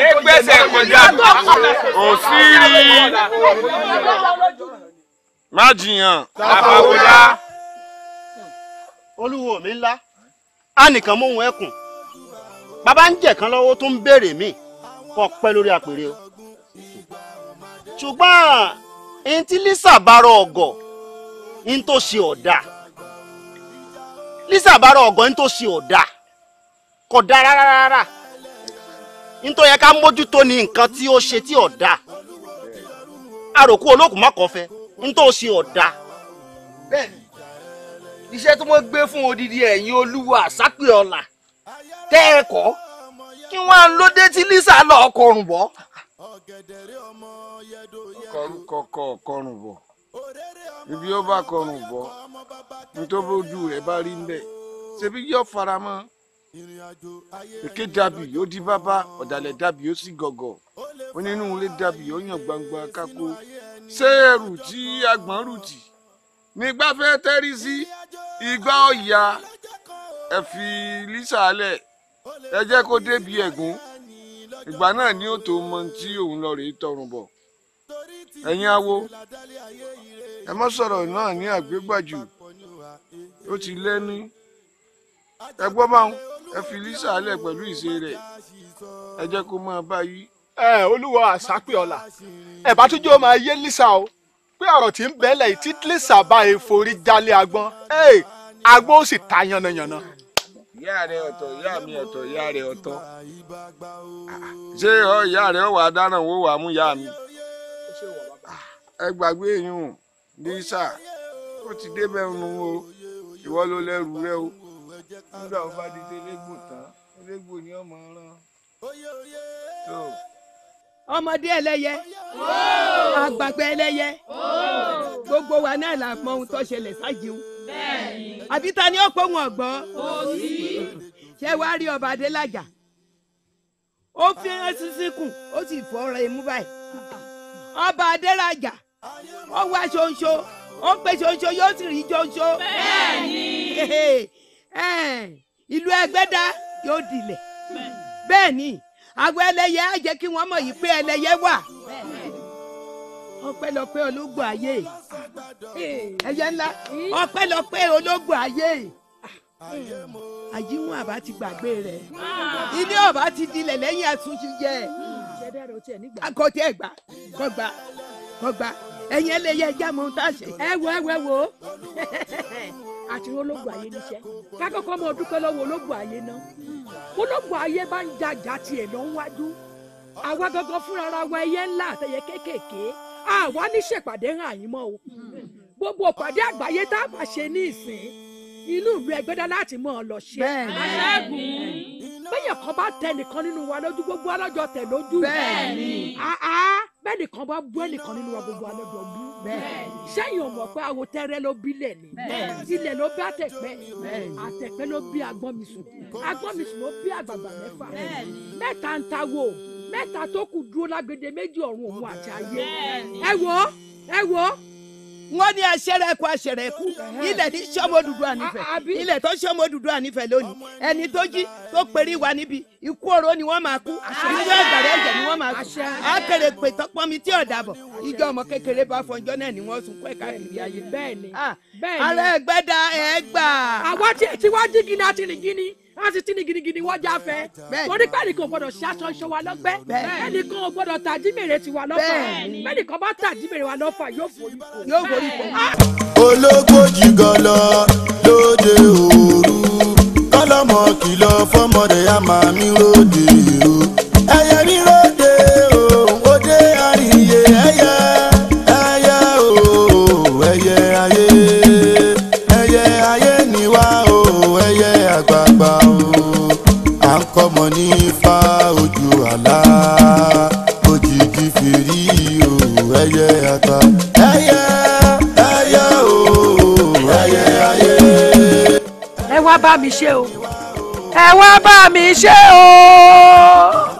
é gbèsè kọjá òsírí má jiyàn olúwo mi ńlá a nìkan mú òun ẹkùn bàbá ń jẹ̀kan lọ́wọ́ tó ń béèrè mi kò pẹ́ lórí àpèrè o ṣùgbọ́n ẹni tí lisa bá rọ ọ̀gọ̀ ń tó ṣe ọ̀dà Lizzy Abara ọ̀gọ́ ń tó ṣe ọ̀dà kò dáa rárá rárá tó yẹ ká mójútó ni nǹkan tí ó ṣe tí ọ̀dà àròkù olókùn má kọ́ fẹ́ ń tó ṣe ọ̀dà. bẹ́ẹ̀ni iṣẹ́ tí wọ́n gbé fún odidi ẹ̀yin olúwa àsápè ọlà tẹ́ ẹ kọ́ kí wọ́n á lóde tí Lizzy lọ kọrùn bọ́. kọrùn kọkọ kọrùn bọ̀. ibi ó bá kọrùn bọ́ nítorí ojú rẹ̀ bá rí ńlẹ̀ ṣebí yóò fara mọ́ èké dàbí ó di bábá ọ̀dàlẹ̀ dàbí ó sì gọ̀gọ̀ onínúure dàbí ó yàn gbangba kákó ṣé ẹrù tí agbọ̀n rù tì nígbà fẹ́ tẹ́rí sí igbá ọ̀yà ẹ fi lísàálẹ̀ ẹ jẹ́ kó débi ẹ̀gún ìgbà náà ni ó tó mọ tí òun lọ rèé tọrùn bọ̀ ẹ̀yin awo ẹ má sọ̀rọ̀ náà ní àgbégbàjù ó ti lẹ́ni ẹ gbọ́ báwọn ẹ fi lisa alẹ̀ pẹ̀lú ìṣe rẹ̀ ẹ jẹ́ kó máa bá yí. ẹ olúwa àṣàpè ọ̀la ẹ bá tún jẹ́ ó máa yé lisa o pé ọ̀rọ̀ tí ń bẹ́lẹ̀ tí lisa bá e forí jálé agbọ́n ó sì ta yànnàyànnà. ìyá rẹ ọ̀tọ̀ ìyá mi ọ̀tọ̀ ìyá rẹ ọ̀tọ̀ ṣé ìyá rẹ wà dáná wo wàá mú ìyá mi ah, ẹ gbàgbé yín o dísà ó ti débẹ̀ nu o ìwọ ló lẹ́rù rẹ o nígbà ó bá di tẹ́lẹ́gbò tán tẹ́lẹ́gbò ni ọmọ rán tó. ọmọdé ẹlẹ́yẹ àgbàgbà ẹlẹ́yẹ gbogbo wa náà là mọ ohun tó ṣẹlẹ̀ sájìun àbí ta ni ó pọ̀ wọn gbọ́ ṣé wàá rí ọba adélájà ó fi hàn sísíkùn ó sì fọ́ ọ̀rọ̀ imú báyìí ọba adélájà ó wá ṣoṣo ó pé ṣoṣo yóò sì rí ṣoṣo. bẹ́ẹ̀ni. ìlú ẹgbẹ́dá yóò dilẹ̀ bẹ́ẹ̀ni àwọn ẹlẹ́yẹ á jẹ́ kí wọ́n mọ̀ yìí pé ẹlẹ́yẹ wà ọpẹ́lọpẹ́ ológun ayé ẹyẹ ńlá ọpẹ́lọpẹ́ ológun ayé àyíwọ̀n àbá ti gbàgbé rẹ̀ ilé ọba ti dilẹ̀ lẹ́yìn àtúnṣe jẹ́ kò tẹ́ gbà kò gbà ẹ̀yin ẹlẹ́yẹ ẹja mọ ohun tá a ṣe. ẹ wo ẹ wo ẹ wo [LAUGHS] àti ológun ayé níṣẹ́ kákọ́kọ́ mọ dúpẹ́ lọ́wọ́ ológun ayé náà ológun ayé bá ń jajà tiẹ̀ lọ wájú àwa gangan fúnra wa ẹyẹ ńlá àtẹyẹ kéékèèké àwa ní ṣèpàdé hàn yín mọ́ o gbogbo ìpàdé àgbáyé tá a bá ṣe ní ìsìn ìlú ìlú ẹgbẹ́dá láti mọ̀ ọ́ lọ ṣe. bẹ́ẹ̀ni bẹ́yẹn kan bá tẹ nìkan nínú wa lójú gbogbo ọlọ́jọ́ tẹ̀ lójú. bẹ́ẹ̀ni bẹ́ẹ̀ nìkan bá bú ẹnìkan nínú wa gbogbo alẹ́ jọ bú sẹ́yìn ò mọ̀ pé àwo tẹ́rẹ́ ló bílẹ̀ ni ilẹ̀ ló bí àtẹ̀pẹ́ àtẹ̀pẹ́ ló bí agbọ́nmisùn agbọ́nmisùn ló bí àgbàgbà mẹ́fà mẹ́ta ń ta wo mẹ́ta tó kù dúró lágbede méjì ọ̀run òun àti ayé ẹ wo ẹ wo wọ́n ní aṣẹ́rẹ́kù aṣẹ́rẹ́kù ilẹ̀ tí sọ́mọ dúdú ànífẹ́ ilẹ̀ tó sọ́mọ dúdú ànífẹ́ lónìí ẹni tó jí tó perí wa níbi ikú oró ni wọ́n máa kú ilé ẹ̀gbẹ̀rẹ̀ ẹ̀jẹ̀ ni wọ́n máa kú akèrè pè tọpọ́nmi tí ọ̀dà bọ̀ ìjọ ọmọ kékeré bá fọjọ́ náà ni wọ́n sunkún ẹ̀ka kiri ayé bẹ́ẹ̀ ni ara ah, ẹgbẹ́ da ẹ̀ẹ́gbà. àwọn tí wọ́n jí gini àti rìn wọ́n ti tí ni gidigidi wọ́n já fẹ́ torí pẹ́ẹ́nì ò gbọ́dọ̀ ṣe aṣọ iṣan wa lọ́gbẹ́ pẹ́ẹ́nì ò gbọ́dọ̀ tàjímèrè tiwa lọ́fà pẹ́ẹ́nì kan bá tàjímèrè wa lọ́fà yóò forí kò. Ah! ológbòjì gọlọ lóde òru kọlọmọ kìlọ̀ fọmọdé àmàmí lóde. bá mi ṣe o ẹ wá bá mi ṣe o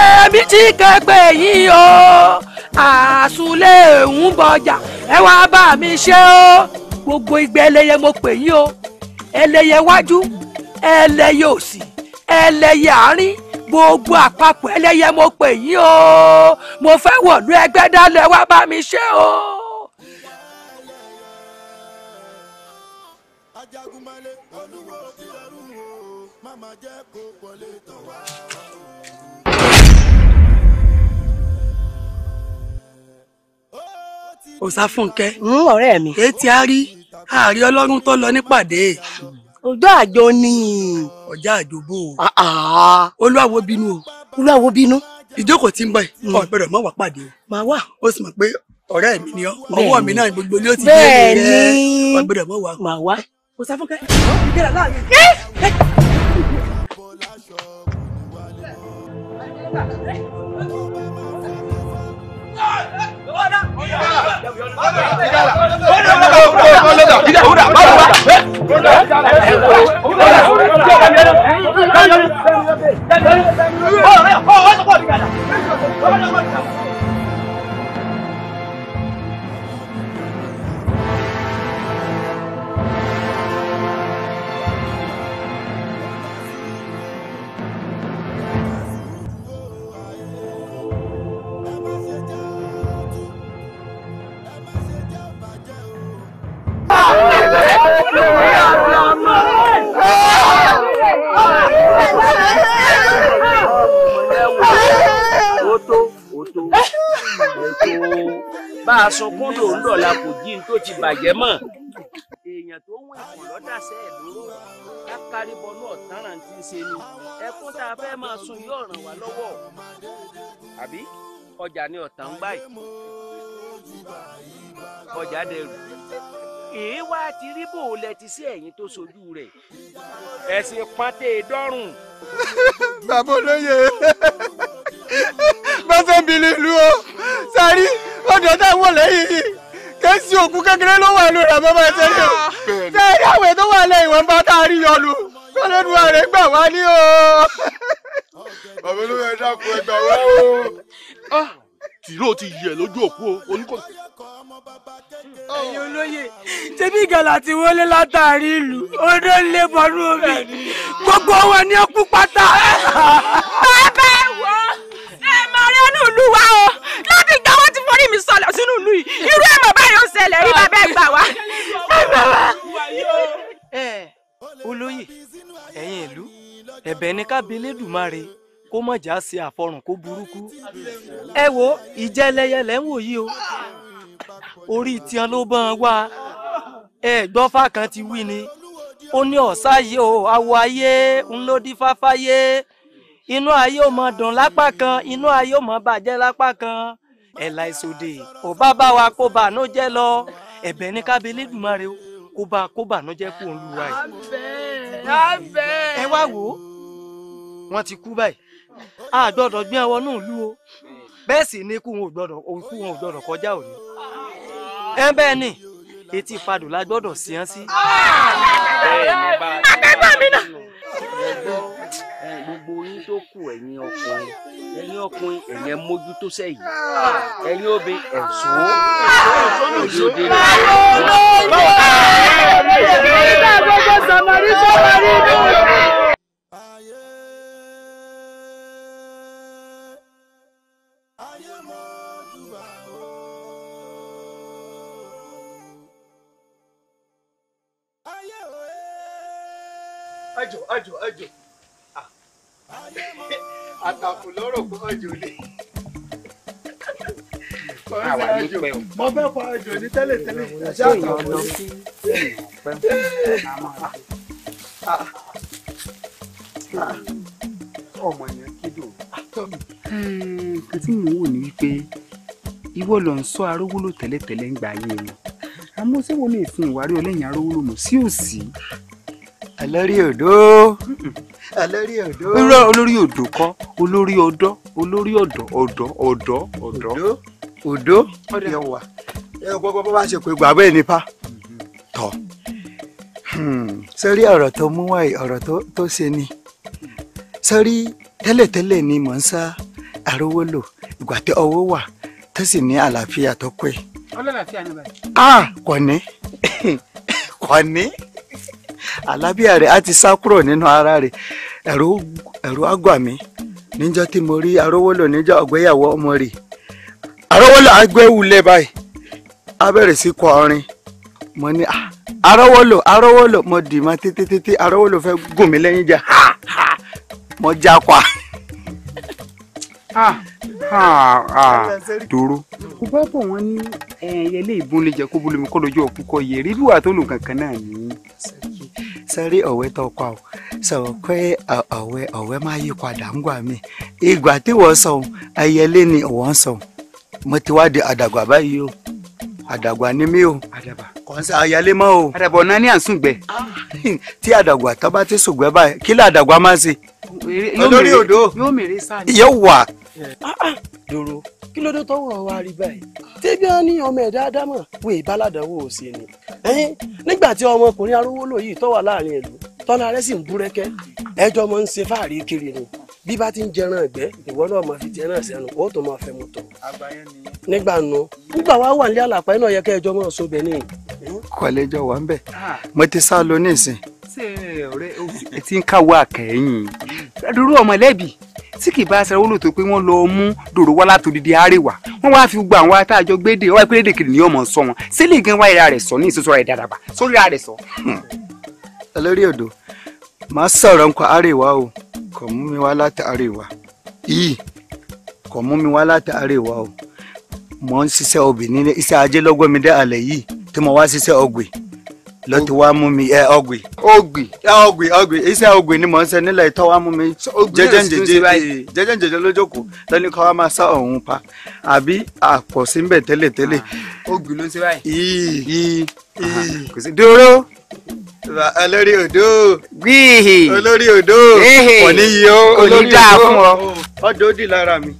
èmi tí kẹ́gbẹ́ yìí o àsùnlé ń bọjà ẹ wá bá mi ṣe o gbogbo igbe ẹlẹ́yẹ mo pè yín o ẹlẹ́yẹ wájú ẹlẹ́yẹ òsì ẹlẹ́yẹ àárín gbogbo àpapọ̀ ẹlẹ́yẹ mo pè yín o mo fẹ́ wọ̀lú ẹgbẹ́ dálẹ̀ wá bá mi ṣe o. ajagunmalè máa jẹ́ kó wọlé tán wá. òsáfúnkẹ́. ọ̀rẹ́ mi. etí a rí ààrí ọlọ́run tó lọ nípàdé. ọjọ́ àjọ ni. ọjọ́ àjò bò ó. olúwawo bínú o. olúwawo bínú. ìjókòó tí ń bọ̀ ọ̀ gbọ́dọ̀ mọ̀ wá pàdé. màá wà. ó sì mọ̀ pé ọ̀rẹ́ mi ni ọ́ ọwọ́ mi náà gbogbo ni ó ti dé rẹ̀ ọ̀ gbọ́dọ̀ mọ̀ wá. màá wà. òsáfúnkẹ́. ó ti dé rà láàyè. Oh, Oto, oto, oto. Bá a kò jí n tó ti bàjẹ́ mọ́. Èèyàn tó ń wọ lọ́dàṣẹ́ ẹ̀ lóró. bọnú ń ṣe ni. Ẹkún fẹ́ máa sun yóò ràn wá Àbí ọjà ni ọ̀tàn báyìí. èé wá ti rí bò lẹ́tí sí ẹ̀yìn tó sojú rẹ̀ ẹ̀sìn pọ́ńté dọ́rùn. bàbá olóye mọ́sẹ̀bìlì ìlú o sáré ọ̀dọ̀ tá a wọ̀ lẹ́yìn yìí kẹ́sì òkú kékeré ló wà lóra bàbá sẹ́yìn o sẹ́yìn àwẹ̀ tó wà lẹ́yìn wọn bá tá a rí yọlu kọ́lẹ́nu ààrẹ gbà wá ní o. bàbá olóye dákun ẹgbà wá o. Ah. tìró ti yẹ lójú òkú o oníkòtò. Hmm. ẹ̀yin olóye ṣebí ìgàlà ti wọlé látàrí ìlú odò lè bọ́nú omi gbogbo wọn ni ó kú pátá. bàbá ẹ wọ ẹ máa rí ẹnu ìlú wa o láti gbà wọn ti forí mi sọlẹ̀ sínú ìlú yìí irú ẹ̀ mọ̀ báyìí ó ṣẹlẹ̀ rí bàbá ẹ gbà wá. olóye ẹ̀yin ìlú ẹ̀bẹ̀ ni kábílédùmarè kó mọ̀já ṣe àfọrùn kó burúkú. ẹ wo ìjẹ́ ẹlẹ́yẹlẹ́ ń wò yí o orí tiẹ̀ ló bọ́n wá ẹ gbọ́fà kan ti wí ni ó ní ọ̀sá yìí o awọ ayé ńlódì fáfáyé inú ayé ò mọ dùn lápá kan inú ayé ò mọ bàjẹ́ lápá kan ẹ̀là ìsòdè ò bá bá wa kó bànújẹ́ lọ ẹ̀bẹ̀ ní kábílẹ̀ dùmarè o kó bá kó bànújẹ́ kó ń lu wa yìí. ẹ wá wò ó wọ́n ti kú báyìí a gbọ́dọ̀ gbé wọn náà lú o bẹ́ẹ̀ sì ni ikú wọn ò gbọ́dọ̀ kọjá òní ẹ ni etí ìfadò la gbọ́dọ̀ sí ẹ́ sí. àtẹ̀gbọ́n mi náà. gbogbo yín tó kù ẹ̀yin ọkùnrin ẹ̀yin ọkùnrin ẹ̀yin mójútó sẹ́yìn ẹ̀yin obìn ẹ̀sùn òyòdè rẹ̀. báwo ni ìgbà gbogbo sọmọ ní sọmọ ní ìlú. ọjọ ọjọ ọjọ àtàkù lọ́rọ̀ kó ọjọ lé àwa ní pẹ́ o. mo fẹ́ fọ tele, ní tẹ́lẹ̀ tẹ́lẹ̀ ṣé èèyàn lọ sí ọmọ yẹn kídò tọ́mì. nǹkan tí mò ń wò ní wípé ìwọ ló ń sọ arówólò tẹ́lẹ̀tẹ́lẹ̀ ń gbà yé mi àmọ́ ṣé wo ní ìsìn ìwárí ọlẹ́yìn arówólò mọ̀ sí òsì olórí odò olórí odò. irọ́ olórí odò kọ́ olórí ọ̀dọ́ olórí ọ̀dọ́ ọ̀dọ́ ọ̀dọ́ ọ̀dọ́. odò odò yẹn wà yẹn gbogbo bó bá ṣe pé gbàgbé nípa tọ̀ sórí hmm. ọ̀rọ̀ tó mú wáyé ọ̀rọ̀ tó ṣe ni sórí tẹ́lẹ̀tẹ́lẹ̀ ni mò ń sá arówó lò ìgbà tí owó wà tó sì ní àlàáfíà tó pé. ọlọ́làfíà ni báyìí. a ah, kò ní [LAUGHS] kò ní. àlábíà a ti sá kúrò nínú ara re. ẹ̀rù ẹ̀rù á gbà mí níjọ́ tí mo rí arówólò níjọ́ ọ̀gbéyàwó ọmọ rẹ̀ arówólò agbéwulẹ̀ báyìí á bẹ̀rẹ̀ sí kọ orin mo ní ah, arówólò arówólò mo dì má títí títí arówólò fẹ́ gùn mí lẹ́yìn jẹ́ ha ha mo já pa. Ah. dòrò mo bá bọ̀ wọ́n ní ẹyẹlé ìbọn lè jẹ́ kó bolo mi kọ́ lójú ọ̀pọ̀ kọ yẹ rí bíwà tó lò kankan náà ní. sẹ́rí ọ̀wẹ́ tó pa ọ́ sọ̀rọ̀ pé ọ̀wẹ́ ọ̀wẹ́ máa yí padà ń gbà mí ìgbà tí wọ́n sọ ẹyẹlé ni wọ́n sọ mo ti wá di àdàgbà báyìí o àdàgbà ni mí o kọ́nsá ayálé mọ́ o. àdàgbà ọ̀nà ni à ń sùngbẹ́. Ah, tí àdàgbà tó bá ti sùngbẹ́ báyìí kí ló àdàgbà máa ń ṣe. olórí odò yóò wà dòrò kí ló dé tọwọ́ wa rí báyìí tẹbi á ní ọmọ ẹ̀dá ádámọ wọ ìbáládàwọ òsè ni nígbà tí ọmọkùnrin arówó lò yìí tọwà láàrin ìlú tọ́lá rẹ̀ sì ń búrẹ́kẹ́ ẹjọ́ mọ́ kiri ni bí ti ń jẹran ìwọ náà máa fi tó máa mu tọ. nígbà nu wà ní àlàpà iná wà ń ah. lọ ṣé ti ń dúró tí kì í bá ṣe wọ́n lò tó pé wọ́n lọ mú dòrò wá látòdìdí àríwá wọ́n wá fi gbọ́ àwọn atájọ gbédè wọ́n wá pé lédè kiri ni ọmọ sọ wọn ṣé lè gan wá ìra rẹ̀ sọ ní ìsọsọ rẹ̀ dàdàbà sórí ara rẹ̀ sọ. olórí hmm. odò màá sọ̀rọ̀ nǹkan àríwá o kò mú mi wá láti àríwá yìí kò mú mi wá láti àríwá o mò ń ṣiṣẹ́ obìnrin iṣẹ́ ajé lọ́gbọ́n mi dé àlẹ́ yìí tí mo wá ṣiṣẹ́ ọ̀gbìn ló ti ẹ ọgbì. ọgbì. ọgbì ọgbì ni mò ń ṣe nílẹ̀ ìtọ́ jẹjẹnjẹjẹ jẹjẹnjẹjẹ eh, lójókòó lọ́ní kọ́ wá máa sá ọ̀hún pa àbí ah, ló ń yìí yìí kò sí dúró olórí odò gbìhì olórí odò kò ní yí o olórí odò ọdọ ó lára mi.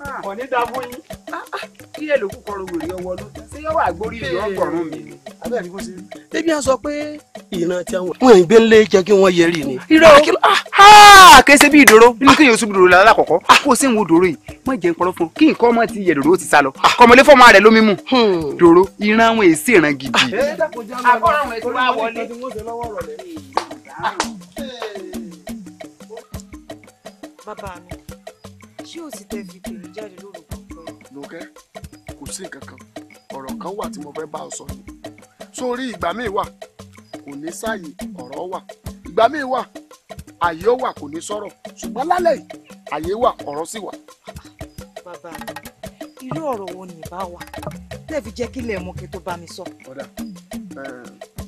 Ah. kò ní da fún yín ah, ah. kí ẹ lòkù kọrọ wèrè ọwọ́ ló ṣé yọ wà gbórí ìlú ọgọ́rùn mi ni. abẹ́rẹ́ ni bó ṣe rí. ebi à ń sọ pé ìran tí àwọn. wọn ì gbé ńlé jẹ kí wọn yẹrí ni. irọ́ o kèsè bí ìdòrò inú kéèyàn oṣù dòrò lálẹ́ àkọ́kọ́ kó o sì ń wo dòrò yìí mọ̀ jẹ́ nǹkan fún kí nǹkan ọmọ ti yẹ dòrò ó ti sá lọ kọmọlé fọmọ rẹ lómi mú hmm. dòrò ìran àwọn èsì ìran gidi. bàbá mi ṣé o ti tẹ fìdí jáde lóru kankan. lókẹ́ kò sí nǹkan kan ọ̀rọ̀ kan wà tí mo fẹ́ bá ọ sọ ni sórí ìgbà míì wà kò ní sáàyè ọ̀rọ̀ wà ìgbà míì wà àyè wà kò ní sọ̀rọ̀ ṣùgbọ́n lálẹ́ yìí àyè wà ọ̀rọ̀ sì wà. bàbá irú ọ̀rọ̀ wo ni ìbá wa lẹ́ẹ̀fi jẹ́ kí ilẹ̀ mú kí tó bá mi sọ. ọ̀dà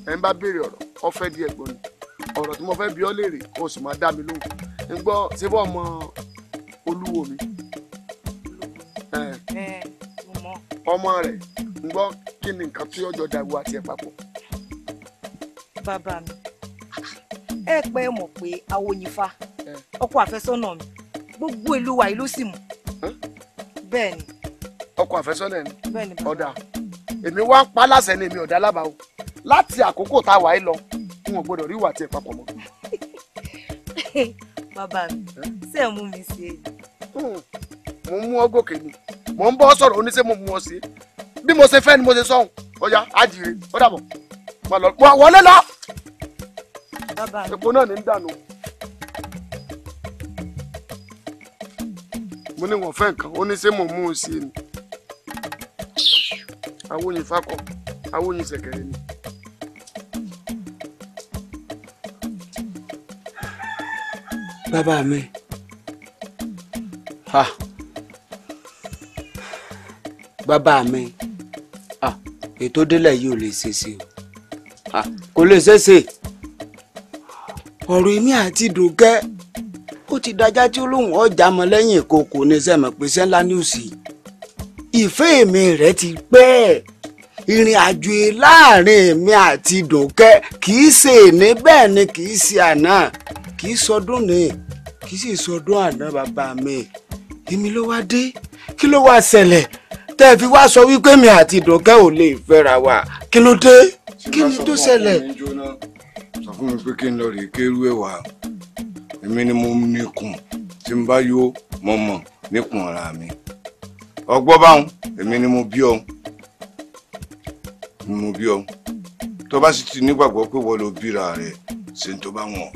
ẹ̀ ń bá béèrè ọ̀rọ̀ ọ̀fẹ́ di ẹ̀gbọ́n ni ọ̀rọ̀ tí mo fẹ́ bi ọ́ léèrè kó o sì máa dá mi lóhùn ń gbọ́ ṣé bọ́ ọmọ olúwo mi ọmọ rẹ̀ ń gbọ́ kí ni nǹkan tí ọjọ́ dàgbò àti ẹ̀ papọ̀. bàbá mi ẹ pẹ́ mọ̀ pé awonyifa ọkọ àfẹ́sọ́nà mi gbogbo ìlú wa ìlú sì mọ̀ bẹ́ẹ̀ ni. ọkọ àfẹ́sọ́nà ni ọ̀dà èmi wá pa láṣẹ ni èmi ọ̀dà alábàáwò láti àkókò tá a wà lọ n ò gbọdọ̀ rí ìwà àti ìpapọ̀ mọ́. [LAUGHS] bàbá mi ṣé ẹ mú mi ṣe é mò ń mú ọ gòkè ni mò ń bọ́ sọ̀rọ̀ oníṣẹ́ mo mú ọ sí bí mo ṣe fẹ́ ni mo ṣe sọ̀hún ọ̀yá àjìrè ó dàbọ̀ mà lọ wà wọlé lọ. epo náà ní ń dànù. mo ní wọn fẹ́ nǹkan oníṣẹ́ mo mú ọ sí ni awóyin fakọ awóyin ṣẹ̀kẹ̀rẹ̀ ni. bàbá mi. Ha bàbá mi ètò délẹ̀ yìí ò lè ṣèṣe o kò lè ṣèṣe ọ̀rọ̀ èmi àti dùnkẹ́ ó ti dájá tí olóhùn ọjà mọ lẹ́yìn ìkòkò ní sẹ́mi pèsè ńlá ní ìfẹ́ mi rẹ̀ ti pẹ́ ìrìn àjò láàrin èmi àti dùnkẹ́ kì í ṣe èní bẹ́ẹ̀ ni kì í ṣe àná kì í sọdún ni kì í sì sọdún àná bàbá mi èmi ló wá dé kí ló wá ṣẹlẹ̀ tẹ́ ẹ fi wá sọ wípé mi àti ìdọ̀kẹ́ ò lè fẹ́ra wa kí ló dé kí ni tó ṣẹlẹ̀. sọ fún mi pé kí n lọ rèé kérú ẹ̀ èmi ni mo níkùn tí n bá yó mọ̀ mọ̀ níkùn ara mi ọgbọ́n báwọn èmi ni mo bí ọ ni mo bí ọ tó bá sì ti nígbàgbọ́ pé wọ́n lo bíra rẹ̀ ṣe ń tó bá wọn.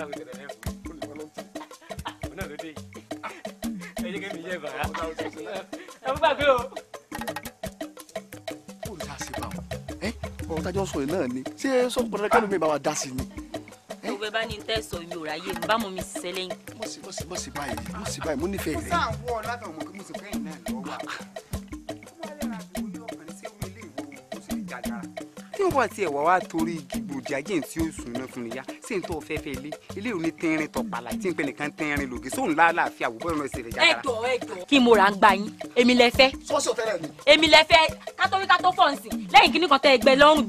náà ló tẹ̀lé ẹ̀fọ́ òun náà ló dé yìí sọ yìí ni ṣé sọ pé kánú mi bá wa dá sí ni. tó bẹ bá ní tẹ́ sọ mi ò ráyè bá mo mi ṣiṣẹ́ lẹ́yìn. mo sì mo sì mo sì báyìí mo sì báyìí mo nífẹ̀ẹ́ rẹ. mo sàn wọ látàwọn ọmọ kí mo sì fẹ́yìn náà lọ́wọ́ tí wọ́n bá tiẹ̀ wá wá torí gbogbo jàjẹ́ tí ó sùn náà fún mi yá sí ní tó fẹ́ fẹ́ ilé ilé òní tẹ́rin tọ̀pàlà tí n pe nìkan tẹ́rin lògì sóun láàláàfin àwòbọ̀ ìrìn ẹsẹ̀ rẹ̀ jára. ẹjọ ẹjọ kí mo ra ń gba yín èmi lẹ fẹ́. sọ́sọ̀ fẹ́rẹ̀ mi. èmi lẹ fẹ́ kátórí kátó fọ̀nsìn lẹ́yìn kíní kan tẹ ẹgbẹ́ lọ́rùn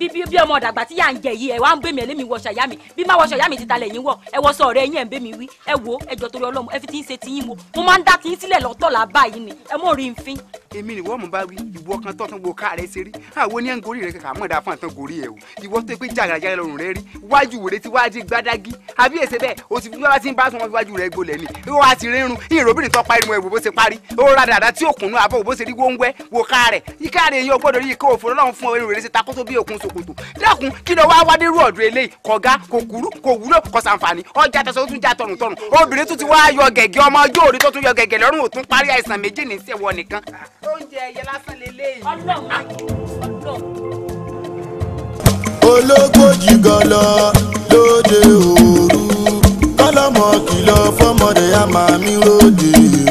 bí bí ọmọ ọ̀dàgbà tí yà ń jẹ yìí ẹ wá ń bèmí ẹlẹ́mi wọṣọ ìyá mi bí má wọṣọ ìyá mi ti talẹ̀ yín wọ̀ ẹ wọṣọ ọ̀rẹ́ yín ẹ̀ ń bèmí wí ẹ wo ẹjọ torí ọlọ́mọ ẹ fi ti ń ṣe tiyín mo mo máa ń dá tiyín sílẹ̀ lọ́tọ̀ làbá yìí ni ẹ mọ̀ rí nfin èmi ni wọ́n mọ̀ bá wí ìwọ kan tọ́ tán wo ká rẹ ṣe rí àwọn oníyàn gorí rẹ kàkà mọ̀dà fún àtàn gorí ẹ o ìwọ tó pé jàgàjàgà lọ́rùn rẹ rí wájú rẹ ti wájú gbadági àbí èsè bẹ́ẹ̀ o ti fi bá ti ń bá sọ wájú rẹ gbolẹ̀ ni ó wá ti rírun ìròbìnrin tó parí mu ẹ̀ bó ṣe parí ó ra dàda tí òkùnú àbọ̀ bó ṣe rí wóńgbẹ́ wò ká rẹ̀ yíká rẹ̀ ọgbọ́dọ̀ yìí kó òfò oúnjẹ ẹyẹ lásán lélẹ̀ yìí. ọlọ́run ọlọ́run. Ah. ológójì gọlọ lóde òru kọlọmọ kìlọ̀ fọmọdé àmàmí lóde.